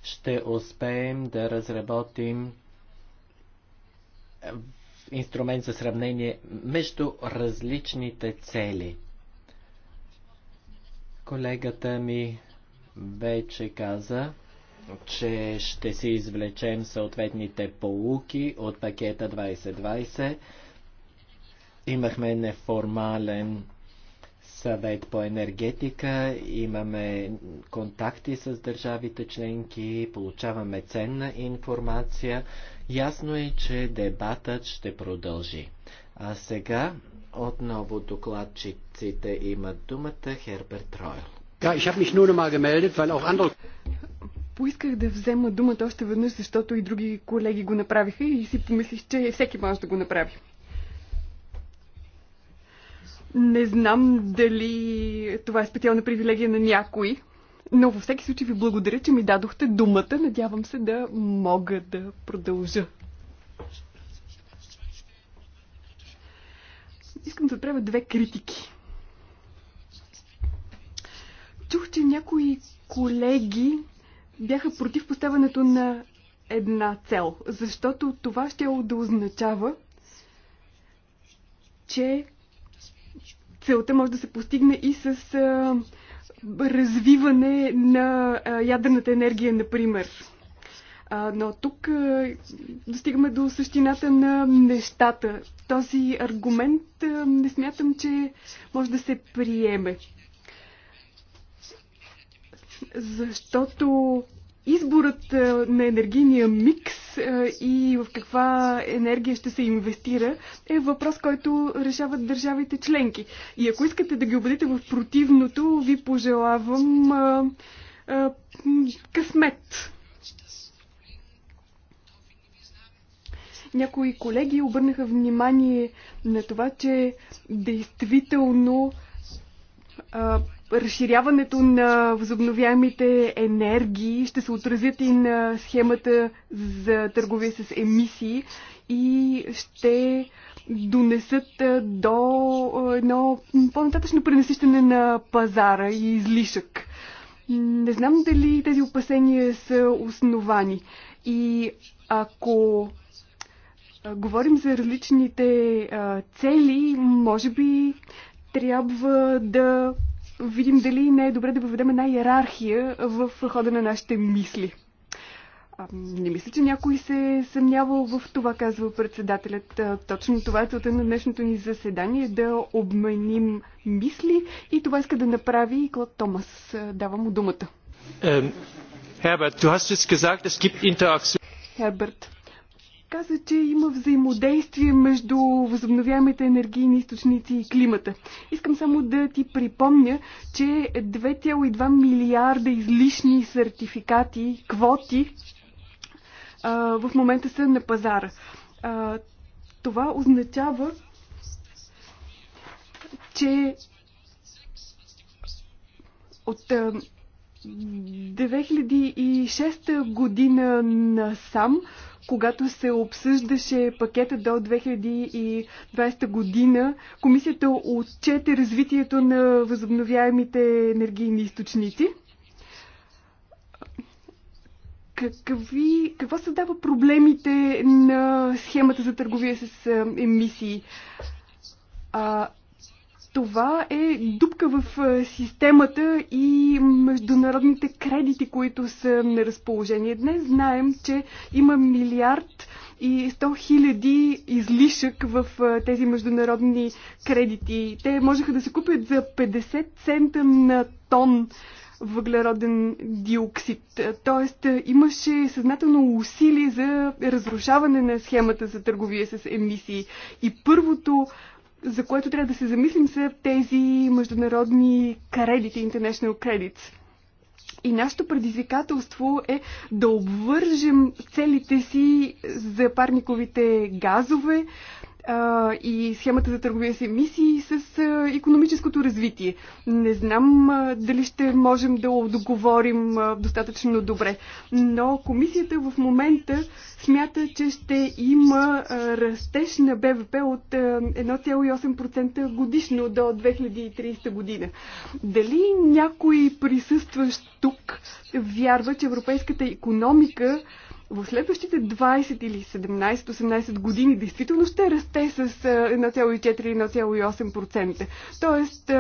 ще успеем да разработим инструмент за сравнение между различните цели. Колегата ми вече каза, че ще си извлечем съответните полуки от пакета 2020. Имахме неформален съвет по енергетика, имаме контакти с държавите членки, получаваме ценна информация. Ясно е, че дебатът ще продължи. А сега отново докладчиците имат думата Херберт Ройл. Да, ich habe mich nur mal gemeldet, weil auch andere... Поисках да взема думата още веднъж, защото и други колеги го направиха и си помислих, че всеки може да го направи. Не знам дали това е специална привилегия на някой, но във всеки случай ви благодаря, че ми дадохте думата. Надявам се да мога да продължа. Искам да отправя две критики. Чух, че някои колеги бяха против поставянето на една цел, защото това ще да означава, че целта може да се постигне и с развиване на ядрената енергия, например. Но тук достигаме до същината на нещата. Този аргумент не смятам, че може да се приеме. Защото изборът е, на енергийния микс е, и в каква енергия ще се инвестира е въпрос, който решават държавите членки. И ако искате да ги убедите в противното, ви пожелавам а, е, а, късмет. Някои колеги обърнаха внимание на това, че действително а, разширяването на възобновяемите енергии ще се отразят и на схемата за търговия с емисии и ще донесат до едно по-нататъчно пренасищане на пазара и излишък. Не знам дали тези опасения са основани. И ако говорим за различните цели, може би трябва да видим дали не е добре да въведем една иерархия в хода на нашите мисли. А, не мисля, че някой се е съмнявал в това, казва председателят. Точно това е целта на днешното ни заседание да обменим мисли и това иска да направи и Клод Томас. Давам му думата. Херберт, um, Herbert, du hast gesagt, es gibt Interaktion. Херберт, каза, че има взаимодействие между възобновяемите енергийни източници и климата. Искам само да ти припомня, че 2,2 милиарда излишни сертификати, квоти а, в момента са на пазара. А, това означава, че от а, 2006 година насам сам когато се обсъждаше пакета до 2020 година, комисията отчете развитието на възобновяемите енергийни източници. Какви, какво създава проблемите на схемата за търговия с емисии? А, това е дупка в е, системата и международните кредити, които са на разположение. Днес знаем, че има милиард и 100 хиляди излишък в е, тези международни кредити. Те можеха да се купят за 50 цента на тон въглероден диоксид. Тоест е, имаше съзнателно усилие за разрушаване на схемата за търговия с емисии. И първото за което трябва да се замислим са тези международни кредити, international credits. И нашето предизвикателство е да обвържем целите си за парниковите газове а, и схемата за търговия с емисии с а, економическото развитие. Не знам а, дали ще можем да договорим а, достатъчно добре, но комисията в момента смята, че ще има а, растеж на БВП от 1,8% годишно до 2030 година. Дали някой присъстващ тук вярва, че европейската економика в следващите 20 или 17-18 години действително ще расте с 1,4-1,8%. Тоест,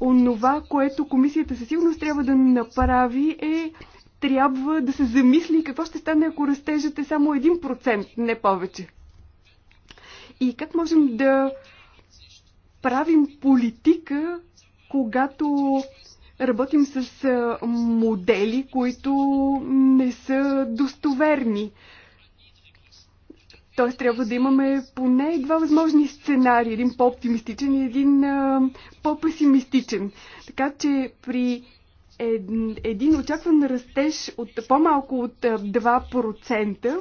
онова, което комисията със сигурност трябва да направи е трябва да се замисли какво ще стане, ако растежът е само 1%, не повече. И как можем да правим политика, когато Работим с модели, които не са достоверни. Т.е. трябва да имаме поне два възможни сценари, Един по-оптимистичен и един по-песимистичен. Така че при един очакван растеж от по-малко от 2%,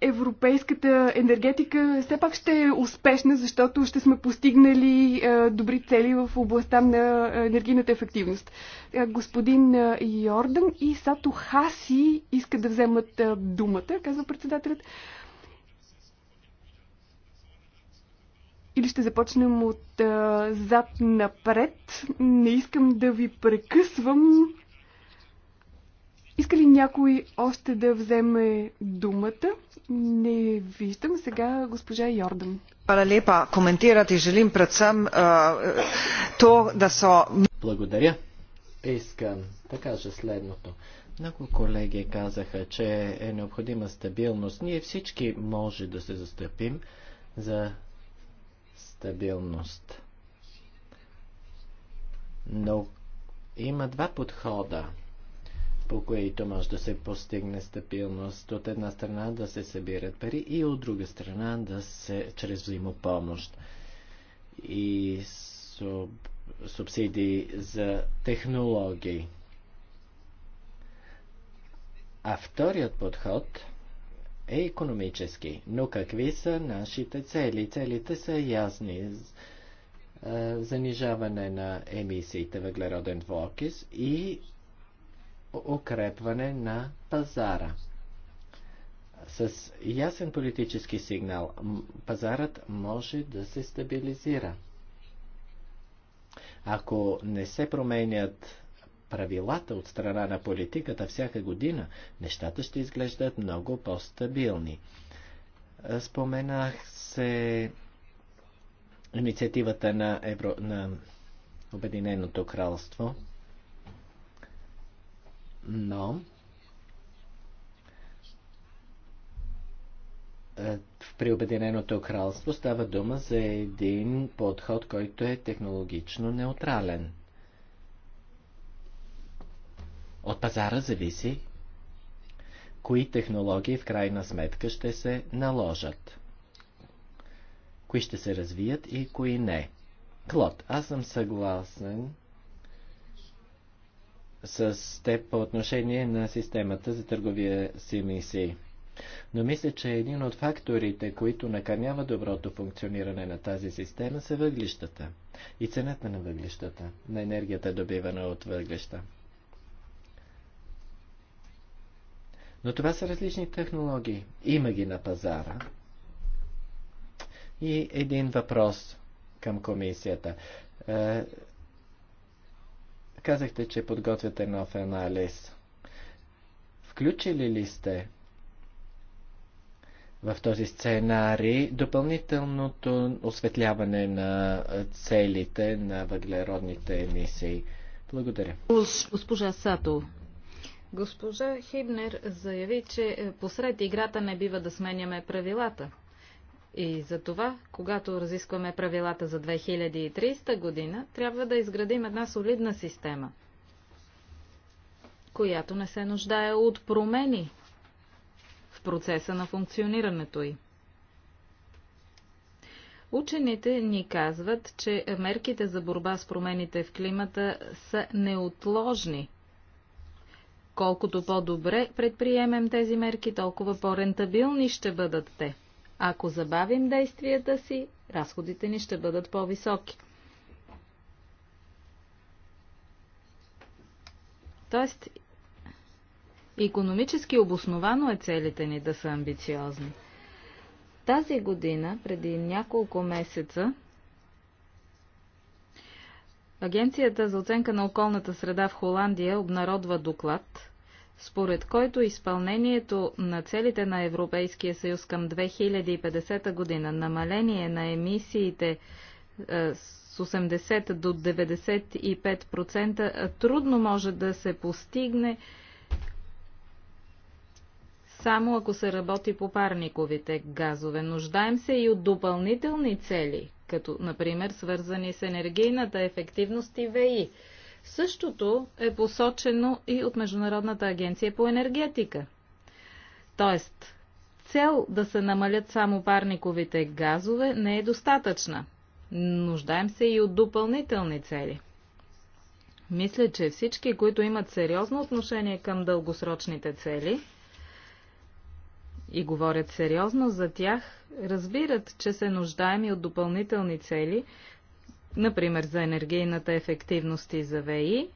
европейската енергетика все пак ще е успешна, защото ще сме постигнали е, добри цели в областта на е, енергийната ефективност. Е, господин Йордан и Сато Хаси искат да вземат думата, казва председателят. Или ще започнем от зад напред. Не искам да ви прекъсвам иска ли някой още да вземе думата? Не виждам. Сега госпожа Йордан. лепа коментират и желим пред сам то да са... Благодаря. Искам да кажа следното. Много колеги казаха, че е необходима стабилност. Ние всички може да се застъпим за стабилност. Но има два подхода по които може да се постигне стабилност. От една страна да се събират пари и от друга страна да се чрез взаимопомощ и суб, субсидии за технологии. А вторият подход е економически. Но какви са нашите цели? Целите са ясни. Е, занижаване на емисиите въглероден двуокис и укрепване на пазара. С ясен политически сигнал пазарът може да се стабилизира. Ако не се променят правилата от страна на политиката всяка година, нещата ще изглеждат много по-стабилни. Споменах се инициативата на, Евро... на Обединеното кралство – но е, при Обединеното кралство става дума за един подход, който е технологично неутрален. От пазара зависи кои технологии в крайна сметка ще се наложат, кои ще се развият и кои не. Клод, аз съм съгласен с теб по отношение на системата за търговия с емисии. Но мисля, че един от факторите, които накърнява доброто функциониране на тази система, са въглищата и цената на въглищата, на енергията добивана от въглища. Но това са различни технологии. Има ги на пазара. И един въпрос към комисията. Е, Казахте, че подготвяте нов анализ. Включили ли сте в този сценарий допълнителното осветляване на целите на въглеродните емисии? Благодаря. Госпожа Сато, госпожа Хибнер заяви, че посред играта не бива да сменяме правилата. И за това, когато разискваме правилата за 2300 година, трябва да изградим една солидна система, която не се нуждае от промени в процеса на функционирането й. Учените ни казват, че мерките за борба с промените в климата са неотложни. Колкото по-добре предприемем тези мерки, толкова по-рентабилни ще бъдат те – ако забавим действията си, разходите ни ще бъдат по-високи. Тоест, економически обосновано е целите ни да са амбициозни. Тази година, преди няколко месеца, Агенцията за оценка на околната среда в Холандия обнародва доклад, според който изпълнението на целите на Европейския съюз към 2050 година, намаление на емисиите е, с 80 до 95%, е, трудно може да се постигне само ако се работи по парниковите газове. Нуждаем се и от допълнителни цели, като, например, свързани с енергийната ефективност и ВИ. Същото е посочено и от Международната агенция по енергетика. Тоест, цел да се намалят само парниковите газове не е достатъчна. Нуждаем се и от допълнителни цели. Мисля, че всички, които имат сериозно отношение към дългосрочните цели и говорят сериозно за тях, разбират, че се нуждаем и от допълнителни цели, например за енергийната ефективност и за ВИ,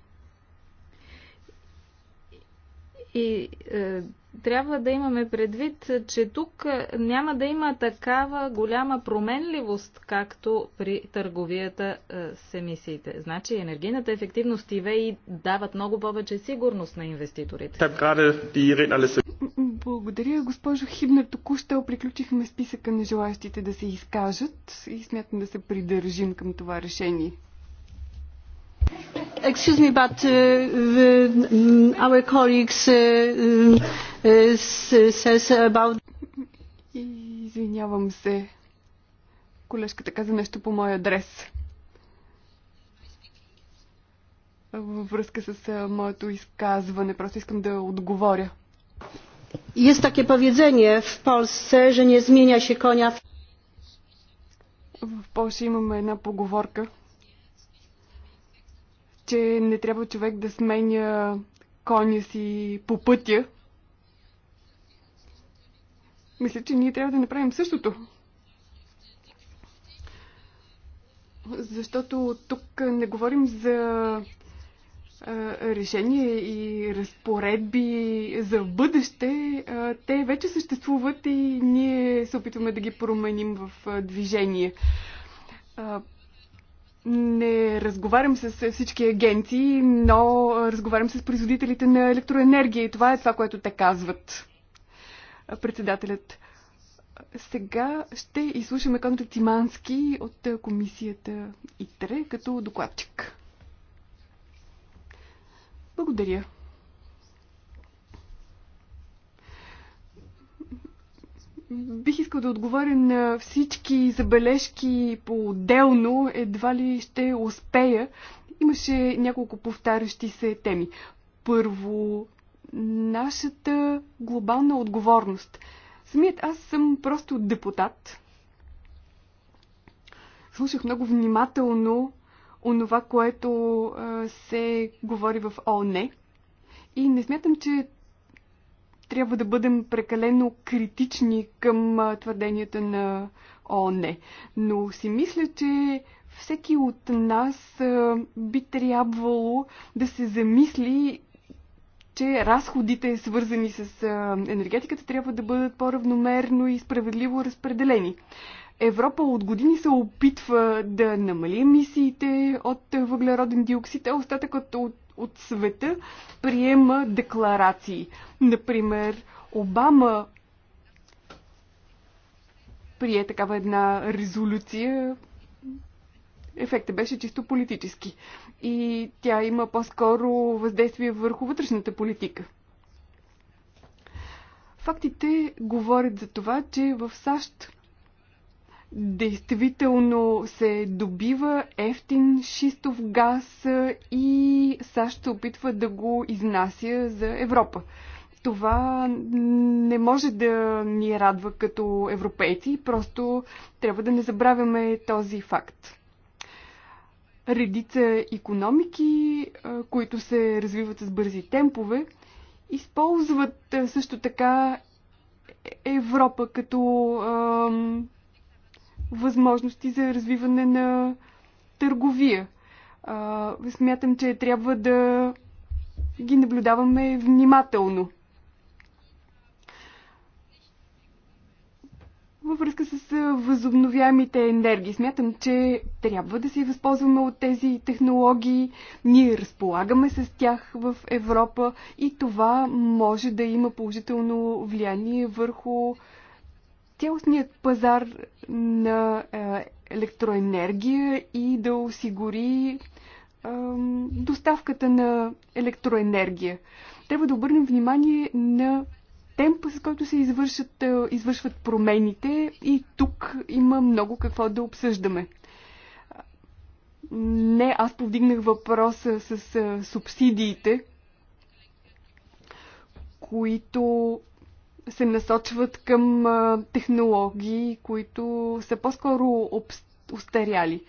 И е, трябва да имаме предвид, че тук няма да има такава голяма променливост, както при търговията е, с емисиите. Значи енергийната ефективност и ВЕИ дават много повече сигурност на инвеститорите. Благодаря, госпожо Хибнер. Току-що приключихме списъка на желащите да се изкажат и смятам да се придържим към това решение excuse me, but uh, mm, our colleagues uh, uh, says about... Извинявам се. Колежката каза нещо по моя адрес. Във връзка с моето изказване. Просто искам да отговоря. Есть такое поведение в Польше, что не zmienia się konia В Польше имаме една поговорка – че не трябва човек да сменя коня си по пътя. Мисля, че ние трябва да направим същото. Защото тук не говорим за решения и разпоредби за бъдеще, те вече съществуват и ние се опитваме да ги променим в движение не разговарям с всички агенции, но разговарям с производителите на електроенергия и това е това, което те казват. Председателят. Сега ще изслушаме Конрад Тимански от комисията ИТРЕ като докладчик. Благодаря. Бих искал да отговоря на всички забележки по-отделно, едва ли ще успея. Имаше няколко повтарящи се теми. Първо, нашата глобална отговорност. Самият аз съм просто депутат. Слушах много внимателно онова, което се говори в ОНЕ И не смятам, че трябва да бъдем прекалено критични към твърденията на ООН. Но си мисля, че всеки от нас би трябвало да се замисли че разходите, свързани с енергетиката, трябва да бъдат по-равномерно и справедливо разпределени. Европа от години се опитва да намали емисиите от въглероден диоксид, а остатъкът от от света приема декларации. Например, Обама прие такава една резолюция. Ефектът беше чисто политически. И тя има по-скоро въздействие върху вътрешната политика. Фактите говорят за това, че в САЩ действително се добива ефтин шистов газ и САЩ се опитва да го изнася за Европа. Това не може да ни радва като европейци, просто трябва да не забравяме този факт. Редица економики, които се развиват с бързи темпове, използват също така Европа като възможности за развиване на търговия. А, смятам, че трябва да ги наблюдаваме внимателно. Във връзка с възобновяемите енергии, смятам, че трябва да се възползваме от тези технологии. Ние разполагаме с тях в Европа и това може да има положително влияние върху цялостният пазар на е, електроенергия и да осигури доставката на електроенергия. Трябва да обърнем внимание на темпа, с който се извършат, е, извършват промените и тук има много какво да обсъждаме. Не, аз повдигнах въпроса с е, субсидиите, които се насочват към технологии, които са по-скоро устаряли.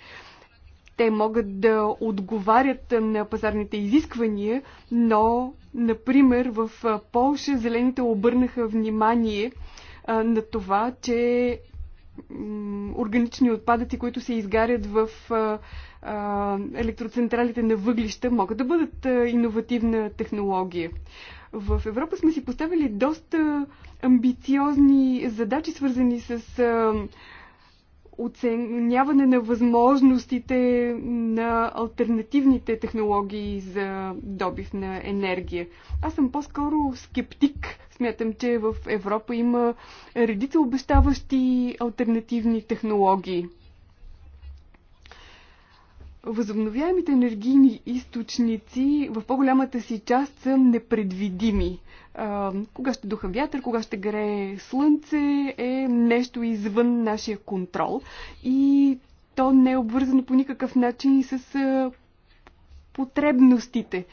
Те могат да отговарят на пазарните изисквания, но, например, в Полша зелените обърнаха внимание на това, че органични отпадъци, които се изгарят в електроцентралите на въглища, могат да бъдат иновативна технология. В Европа сме си поставили доста амбициозни задачи, свързани с оценяване на възможностите на альтернативните технологии за добив на енергия. Аз съм по-скоро скептик. Смятам, че в Европа има редица обещаващи альтернативни технологии. Възобновяемите енергийни източници в по-голямата си част са непредвидими. А, кога ще духа вятър, кога ще грее слънце е нещо извън нашия контрол и то не е обвързано по никакъв начин с а, потребностите.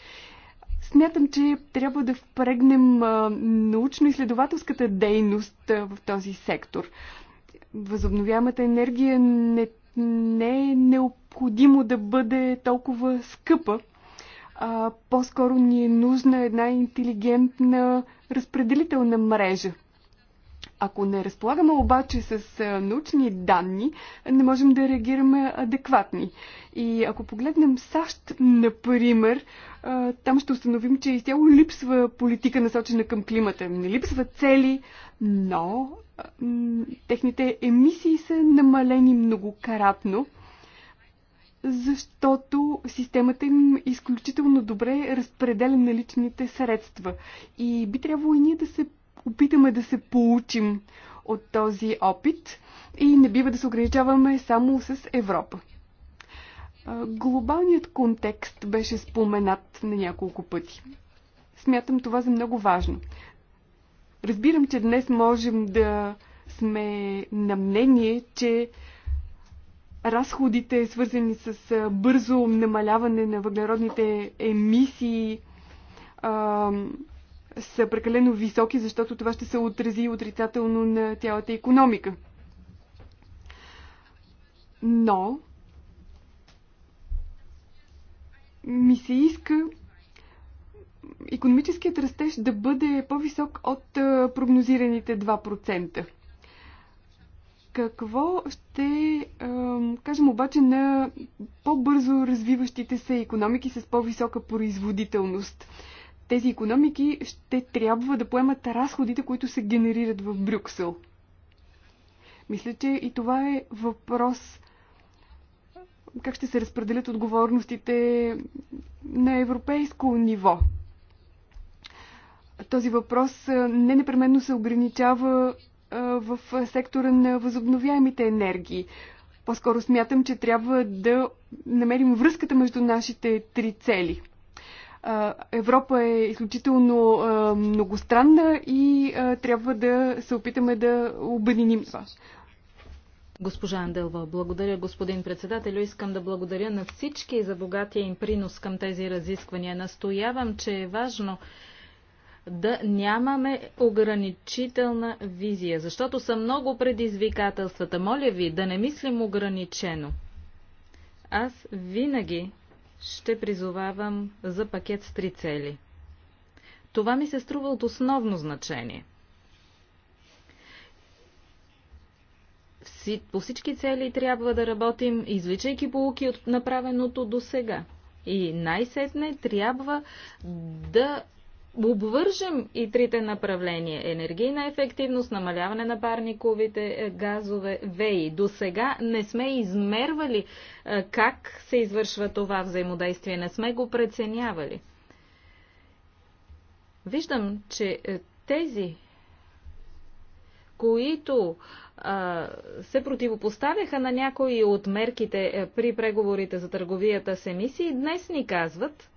Смятам, че трябва да впрегнем научно-изследователската дейност в този сектор. Възобновяемата енергия не не е необходимо да бъде толкова скъпа. По-скоро ни е нужна една интелигентна разпределителна мрежа. Ако не разполагаме обаче с научни данни, не можем да реагираме адекватни. И ако погледнем САЩ, например, там ще установим, че изцяло липсва политика насочена към климата. Не липсва цели, но техните емисии са намалени многократно защото системата им изключително добре разпределя наличните средства. И би трябвало и ние да се опитаме да се получим от този опит и не бива да се ограничаваме само с Европа. Глобалният контекст беше споменат на няколко пъти. Смятам това за много важно. Разбирам, че днес можем да сме на мнение, че разходите, свързани с бързо намаляване на въглеродните емисии, са прекалено високи, защото това ще се отрази отрицателно на цялата економика. Но ми се иска економическият растеж да бъде по-висок от прогнозираните 2%. Какво ще кажем обаче на по-бързо развиващите се економики с по-висока производителност? тези економики ще трябва да поемат разходите, които се генерират в Брюксел. Мисля, че и това е въпрос как ще се разпределят отговорностите на европейско ниво. Този въпрос не непременно се ограничава в сектора на възобновяемите енергии. По-скоро смятам, че трябва да намерим връзката между нашите три цели – Европа е изключително многостранна и трябва да се опитаме да обединим това. Госпожа Анделва, благодаря господин председател. Искам да благодаря на всички за богатия им принос към тези разисквания. Настоявам, че е важно да нямаме ограничителна визия, защото са много предизвикателствата. Моля ви да не мислим ограничено. Аз винаги ще призовавам за пакет с три цели. Това ми се струва от основно значение. По всички цели трябва да работим, извличайки полуки от направеното до сега. И най-сетне трябва да обвържем и трите направления енергийна ефективност, намаляване на парниковите е, газове, ВЕИ. До сега не сме измервали е, как се извършва това взаимодействие, не сме го преценявали. Виждам, че е, тези, които се противопоставяха на някои от мерките при преговорите за търговията с емисии, днес ни казват,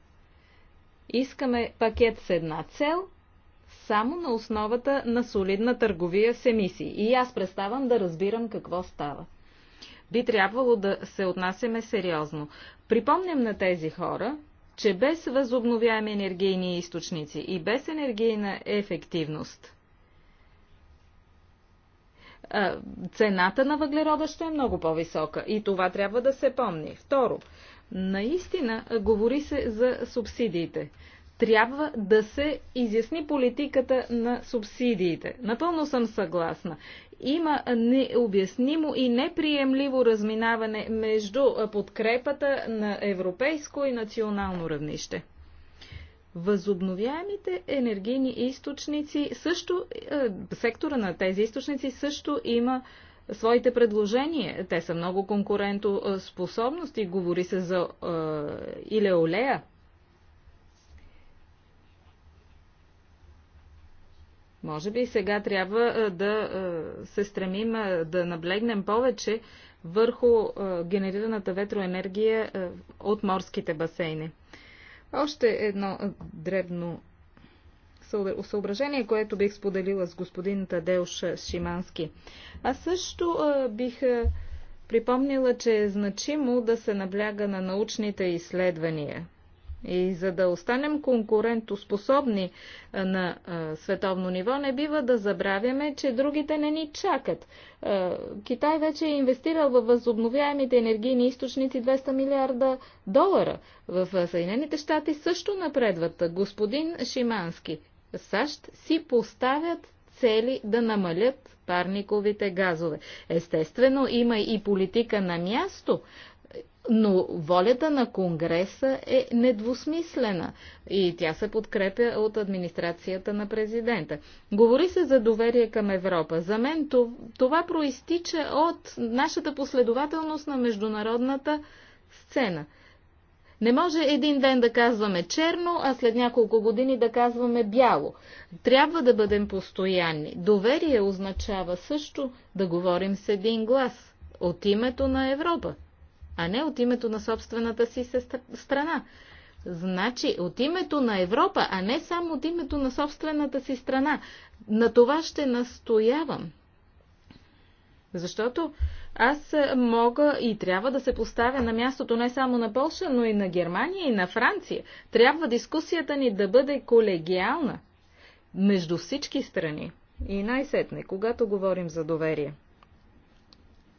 Искаме пакет с една цел, само на основата на солидна търговия с емисии. И аз представам да разбирам какво става. Би трябвало да се отнасяме сериозно. Припомням на тези хора, че без възобновяеми енергийни източници и без енергийна ефективност, цената на въглерода ще е много по-висока и това трябва да се помни. Второ, Наистина, говори се за субсидиите. Трябва да се изясни политиката на субсидиите. Напълно съм съгласна. Има необяснимо и неприемливо разминаване между подкрепата на европейско и национално равнище. Възобновяемите енергийни източници също, сектора на тези източници също има своите предложения. Те са много конкурентоспособности. Говори се за е, Илеолея. Може би сега трябва е, да е, се стремим е, да наблегнем повече върху генерираната ветроенергия от морските басейни. Още едно дребно съображение, което бих споделила с господин Тадеуш Шимански. Аз също бих припомнила, че е значимо да се набляга на научните изследвания. И за да останем конкурентоспособни на световно ниво, не бива да забравяме, че другите не ни чакат. Китай вече е инвестирал във възобновяемите енергийни източници 200 милиарда долара. В Съединените щати също напредват. Господин Шимански, САЩ си поставят цели да намалят парниковите газове. Естествено, има и политика на място, но волята на Конгреса е недвусмислена и тя се подкрепя от администрацията на президента. Говори се за доверие към Европа. За мен това проистича от нашата последователност на международната сцена – не може един ден да казваме черно, а след няколко години да казваме бяло. Трябва да бъдем постоянни. Доверие означава също да говорим с един глас от името на Европа, а не от името на собствената си страна. Значи от името на Европа, а не само от името на собствената си страна. На това ще настоявам. Защото аз е, мога и трябва да се поставя на мястото не само на Польша, но и на Германия и на Франция. Трябва дискусията ни да бъде колегиална между всички страни. И най-сетне, когато говорим за доверие.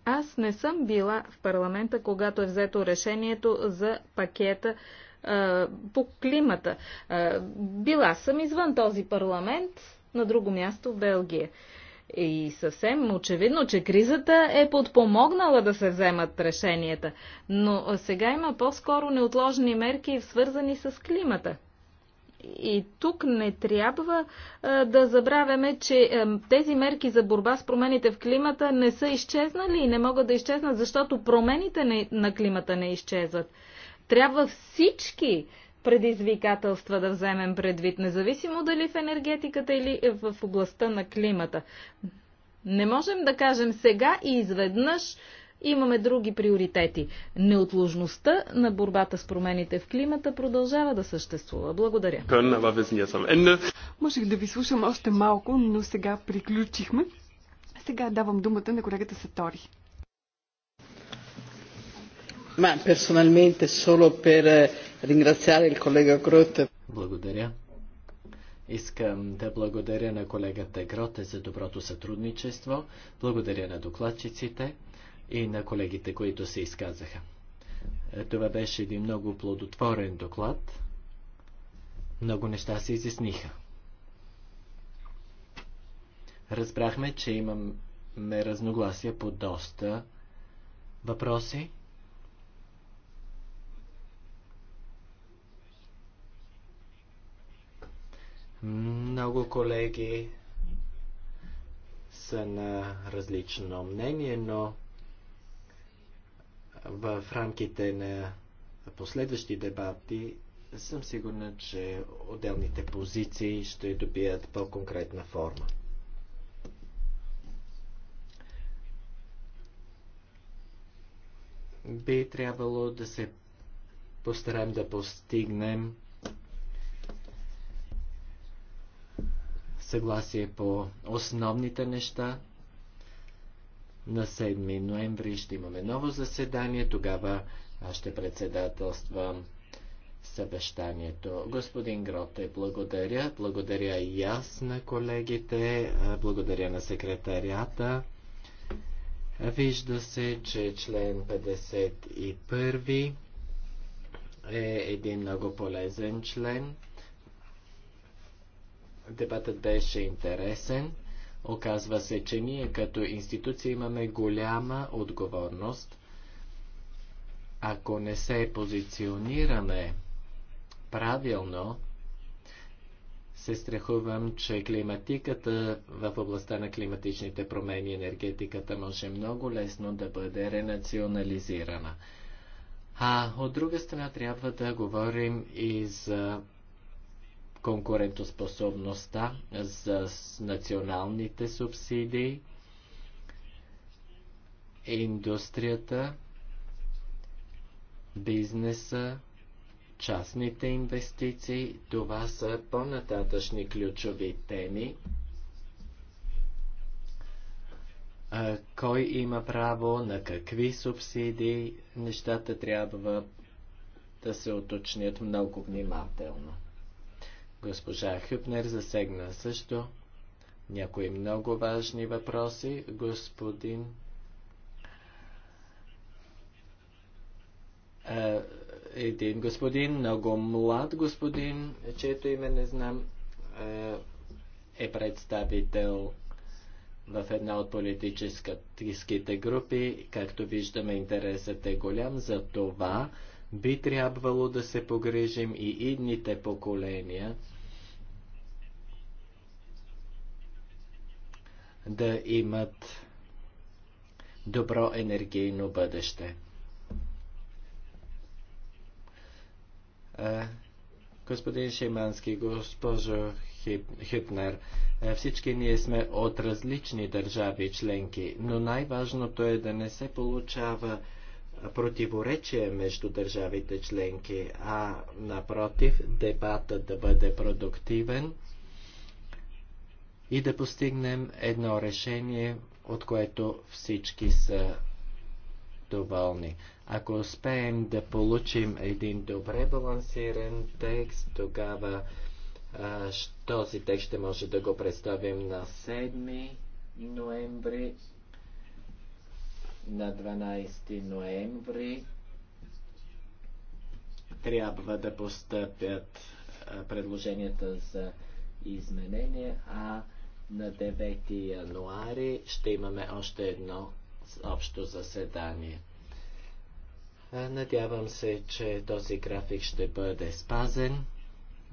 Аз не съм била в парламента, когато е взето решението за пакета а, е, по климата. А, е, била съм извън този парламент, на друго място в Белгия. И съвсем очевидно, че кризата е подпомогнала да се вземат решенията, но сега има по-скоро неотложни мерки, свързани с климата. И тук не трябва а, да забравяме, че а, тези мерки за борба с промените в климата не са изчезнали и не могат да изчезнат, защото промените на климата не изчезват. Трябва всички предизвикателства да вземем предвид, независимо дали в енергетиката или в областта на климата. Не можем да кажем сега и изведнъж имаме други приоритети. Неотложността на борбата с промените в климата продължава да съществува. Благодаря. Можех да ви слушам още малко, но сега приключихме. Сега давам думата на колегата Сатори. Ma personalmente solo per eh, ringraziare il collega Благодаря. Искам да благодаря на колегата Гроте за доброто сътрудничество, благодаря на докладчиците и на колегите, които се изказаха. Е, това беше един много плодотворен доклад. Много неща се изясниха. Разбрахме, че имаме разногласия по доста въпроси. Много колеги са на различно мнение, но в рамките на последващи дебати съм сигурна, че отделните позиции ще добият по-конкретна форма. Би трябвало да се постараем да постигнем съгласие по основните неща. На 7 ноември ще имаме ново заседание, тогава аз ще председателствам съвещанието. Господин Гроте, благодаря. Благодаря и аз на колегите, благодаря на секретарията. Вижда се, че член 51 е един много полезен член. Дебатът беше интересен. Оказва се, че ние като институция имаме голяма отговорност. Ако не се позиционираме правилно, се страхувам, че климатиката в областта на климатичните промени и енергетиката може много лесно да бъде ренационализирана. А от друга страна трябва да говорим и за конкурентоспособността, за националните субсидии, индустрията, бизнеса, частните инвестиции. Това са по-нататъчни ключови теми. Кой има право на какви субсидии, нещата трябва да се уточнят много внимателно. Госпожа Хюпнер засегна също някои много важни въпроси. Господин един господин, много млад господин, чето име не знам, е представител в една от политическите групи. Както виждаме, интересът е голям. За това би трябвало да се погрижим и идните поколения – да имат добро енергийно бъдеще. Господин Шимански, госпожо Хитнер, всички ние сме от различни държави членки, но най-важното е да не се получава противоречие между държавите членки, а напротив, дебатът да бъде продуктивен – и да постигнем едно решение, от което всички са доволни. Ако успеем да получим един добре балансиран текст, тогава а, този текст ще може да го представим на 7 ноември, на 12 ноември. Трябва да постъпят а, предложенията за изменения, а на 9 януари ще имаме още едно общо заседание. Надявам се, че този график ще бъде спазен.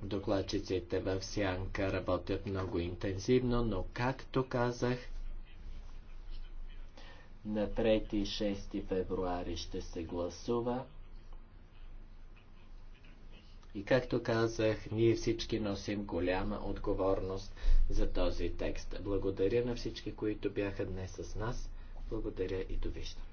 Докладчиците в Сянка работят много интензивно, но както казах, на 3-6 февруари ще се гласува. И както казах, ние всички носим голяма отговорност за този текст. Благодаря на всички, които бяха днес с нас. Благодаря и довиждане.